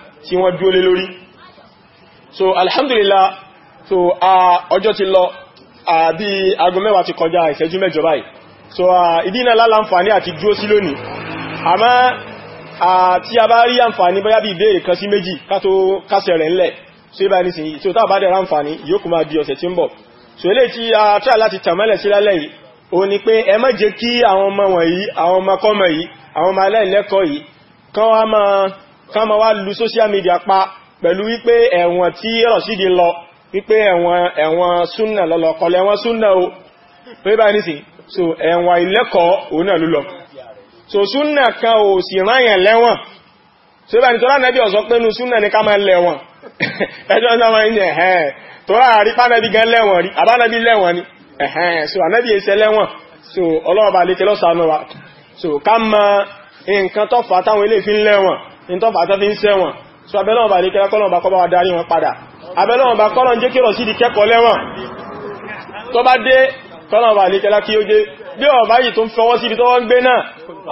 tí wọ́n dúó lé lórí so alhamdulillah so ọjọ́ ti lọ àbí aago mẹ́wàá ti kọjá ìṣẹ́jú mẹ́jọ báyìí so ìdí iná láláǹfààní àti dúó sí lónìí àmọ́ tí a bá rí àǹfààní bóyá bí ìbéèrè kan sí méjì kásẹ̀ rẹ̀ ńlẹ̀ so ibà ní sìn so tá bá dẹ̀ ráǹfààní yóò kú máa di ọ̀sẹ̀ tí ń bọ̀ so ilé tí a try láti tàmẹ́lẹ̀ sí lálẹ́ yìí o ní pé ẹ má jẹ́ kí àwọn ọmọ wọ̀nyí àwọn ọmọ kọ́mọ yìí àwọn ọmọ aláìlẹ́kọ̀ọ́ yìí kán wá máa Kama wa wá lu social media pa pẹ̀lú wípé ẹ̀wọ̀n tí rọ̀sídì lọ wípé ẹ̀wọ̀n ẹ̀wọ̀n súnà lọ́lọ́kọ̀lẹ̀ ẹ̀wọ̀n súnà o pé bá ní sí so ẹ̀wọ̀n ilẹ́kọ̀ọ́ òun náà ló lọ so súnà kan ò sì ráyàn lẹ́wọ̀n so bá ní tọ́lá nẹ́bí ọ̀sọ́ pé nu ní ká ni ẹ̀hẹ́n so ànẹ́bí èsẹ lẹ́wọ̀n so ọlọ́ọ̀bà lè kẹlọ́sàánú wa so ká mọ ìtọ́fà tó fi ń sẹ́wọ̀n so abẹ́lọ́wọ̀n bá ní kẹ́lá kọ́lọ̀wọ̀n bá kọ́ bá wà darí wọn padà abẹ́lọ́wọ̀n bá kọ́lọ̀ jẹ́ kírọ̀ sí di kẹ́kọ̀ọ́ lẹ́wọ̀n tó bá dé kọ́lọ̀wọ̀n bá ní kẹ́lá kí ó dé bí ọ̀ bá yìí tó ń fọwọ́ sí ibi tó wọ́n gbé náà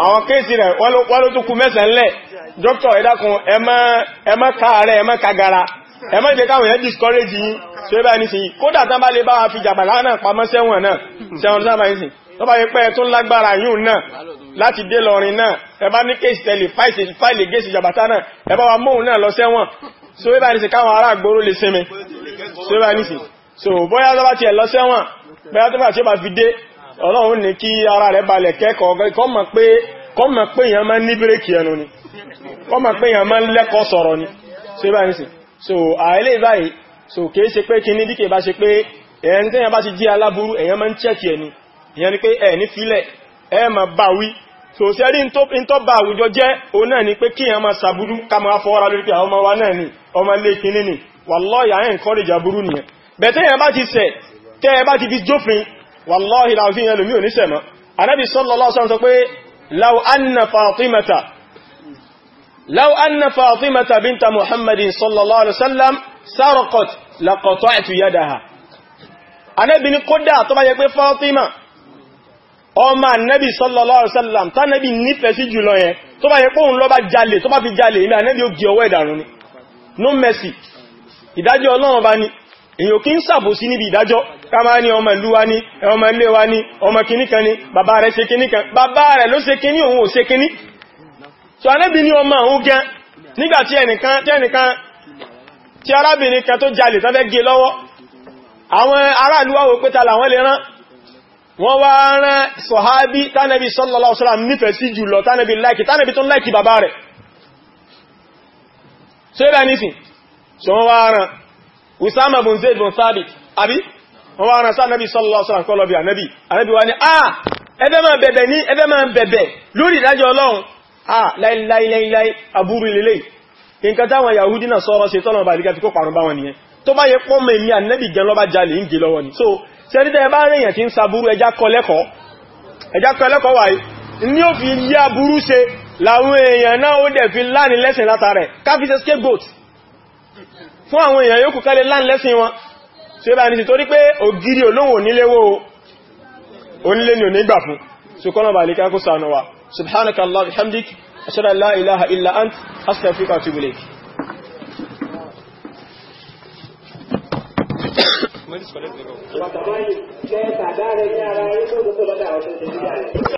àwọn kéèsì rẹ̀ wọ́n ló tún kú mẹ́sàn lẹ̀ dókítà ẹ dákun ẹ má ká ààrẹ ẹ má ká gara ẹ má jẹ́ káwọn láti dé lọrin náà ẹbá ní kéèsì tẹ́lì fáìlì gẹ́ẹ̀sì jàbátá náà ẹbá wa mọ́un náà lọ sẹ́wọ̀n so wíbá ní sí káwọn ará gbóró lè sinmi so wíbá ní sí so bóyá tó bá ti ẹ̀ lọ sẹ́wọ̀n bóyá tó bá ti bá fi dé ọlọ́run ní kí ara rẹ̀ balẹ̀ kẹ́kọ̀ọ́ kó mọ̀ pé kó mọ̀ pé èèyàn máa ń ní bírèkì ẹnu ni kó mọ̀ pé èèyàn máa ń ẹ̀ ní fílẹ̀ ẹ ma bá wí so ṣe rí in tó bá àwùjọ jẹ́ o náà ni pé kí ẹ ma sàbúrú ká ma fọ́ra lórí pé àwọn ọmọ wa náà ni ọmọ ilé kìíní ni wàlọ́ọ̀yà ẹ̀ ń kọ́rìjà burú nìyẹn bẹ̀tẹ́ ẹ bá ti ṣẹ̀ tẹ́ ẹ bá ti fi jófin wàlọ́ọ̀hì láàfin ẹlòmí ò ní ṣẹ̀mọ́ anábì sallallahu alaihi wasallam sọ pé law kódà tó bá yẹ pé fatima ọmọ anẹ́bì sallallahu alaihi wasallam tánẹ́bì nífẹ̀ẹ́ sí jùlọ yẹn tó bá yẹ pòun lọ bá jalè tó bá fi jalè ilẹ̀ anẹ́bì ó gé ọwọ́ ìdàrún ni no mercy ìdájọ́ ọlọ́run bá ní èyàn kí ń sàbòsí níbi ìdájọ́ ká máa ní ọmọ ìlú wa ní ọmọ ilé wa ní ọmọ kìníkan ní bàbá rẹ̀ ṣe so anẹ́bì ní ọmọ òun gan nígbà tí ẹnìkan tí ẹnìkan tí arábìnrin kan tó jalè tán fẹ́ gé lọ́wọ́ àwọn aráàlú wa wò pé wọ́n wá rán sọ̀hábí tánàbí sallallahu alaihi wasallam nífẹ̀ẹ́ sí jùlọ tánàbí láìkì tánàbí tó láìkì bàbá rẹ̀ so yẹ́ bá nísìn so wọ́n wá rán Usama bin Zaid bin Thabit àbí wọ́n wá rán sánàbí sallallahu alaihi wasallam kọlọ bí wá ní sẹ́rítẹ́ bá rìnyàn tí ń sàbúrú ẹjá kọlẹ́kọ̀ọ́ ẹjá kọlẹ́kọ̀ọ́ wáyé ní ò fi yá burú ṣe láwọn èèyàn náà ó dẹ̀ fi láni lẹ́sìn látàrẹ̀ káfíṣẹ́ scapegoat fún àwọn èèyàn yóò kùkálẹ̀ láni lẹ́sìn wọn ṣe bá ní ti torí pé ògiri olóhùn oníléwó ni onígbà fún ṣùkọ́nà bá lè kẹ́kọ́ subhanaka allah bihamdik ashhadu an ilaha illa ant astaghfiruka wa Mai da su kwanar da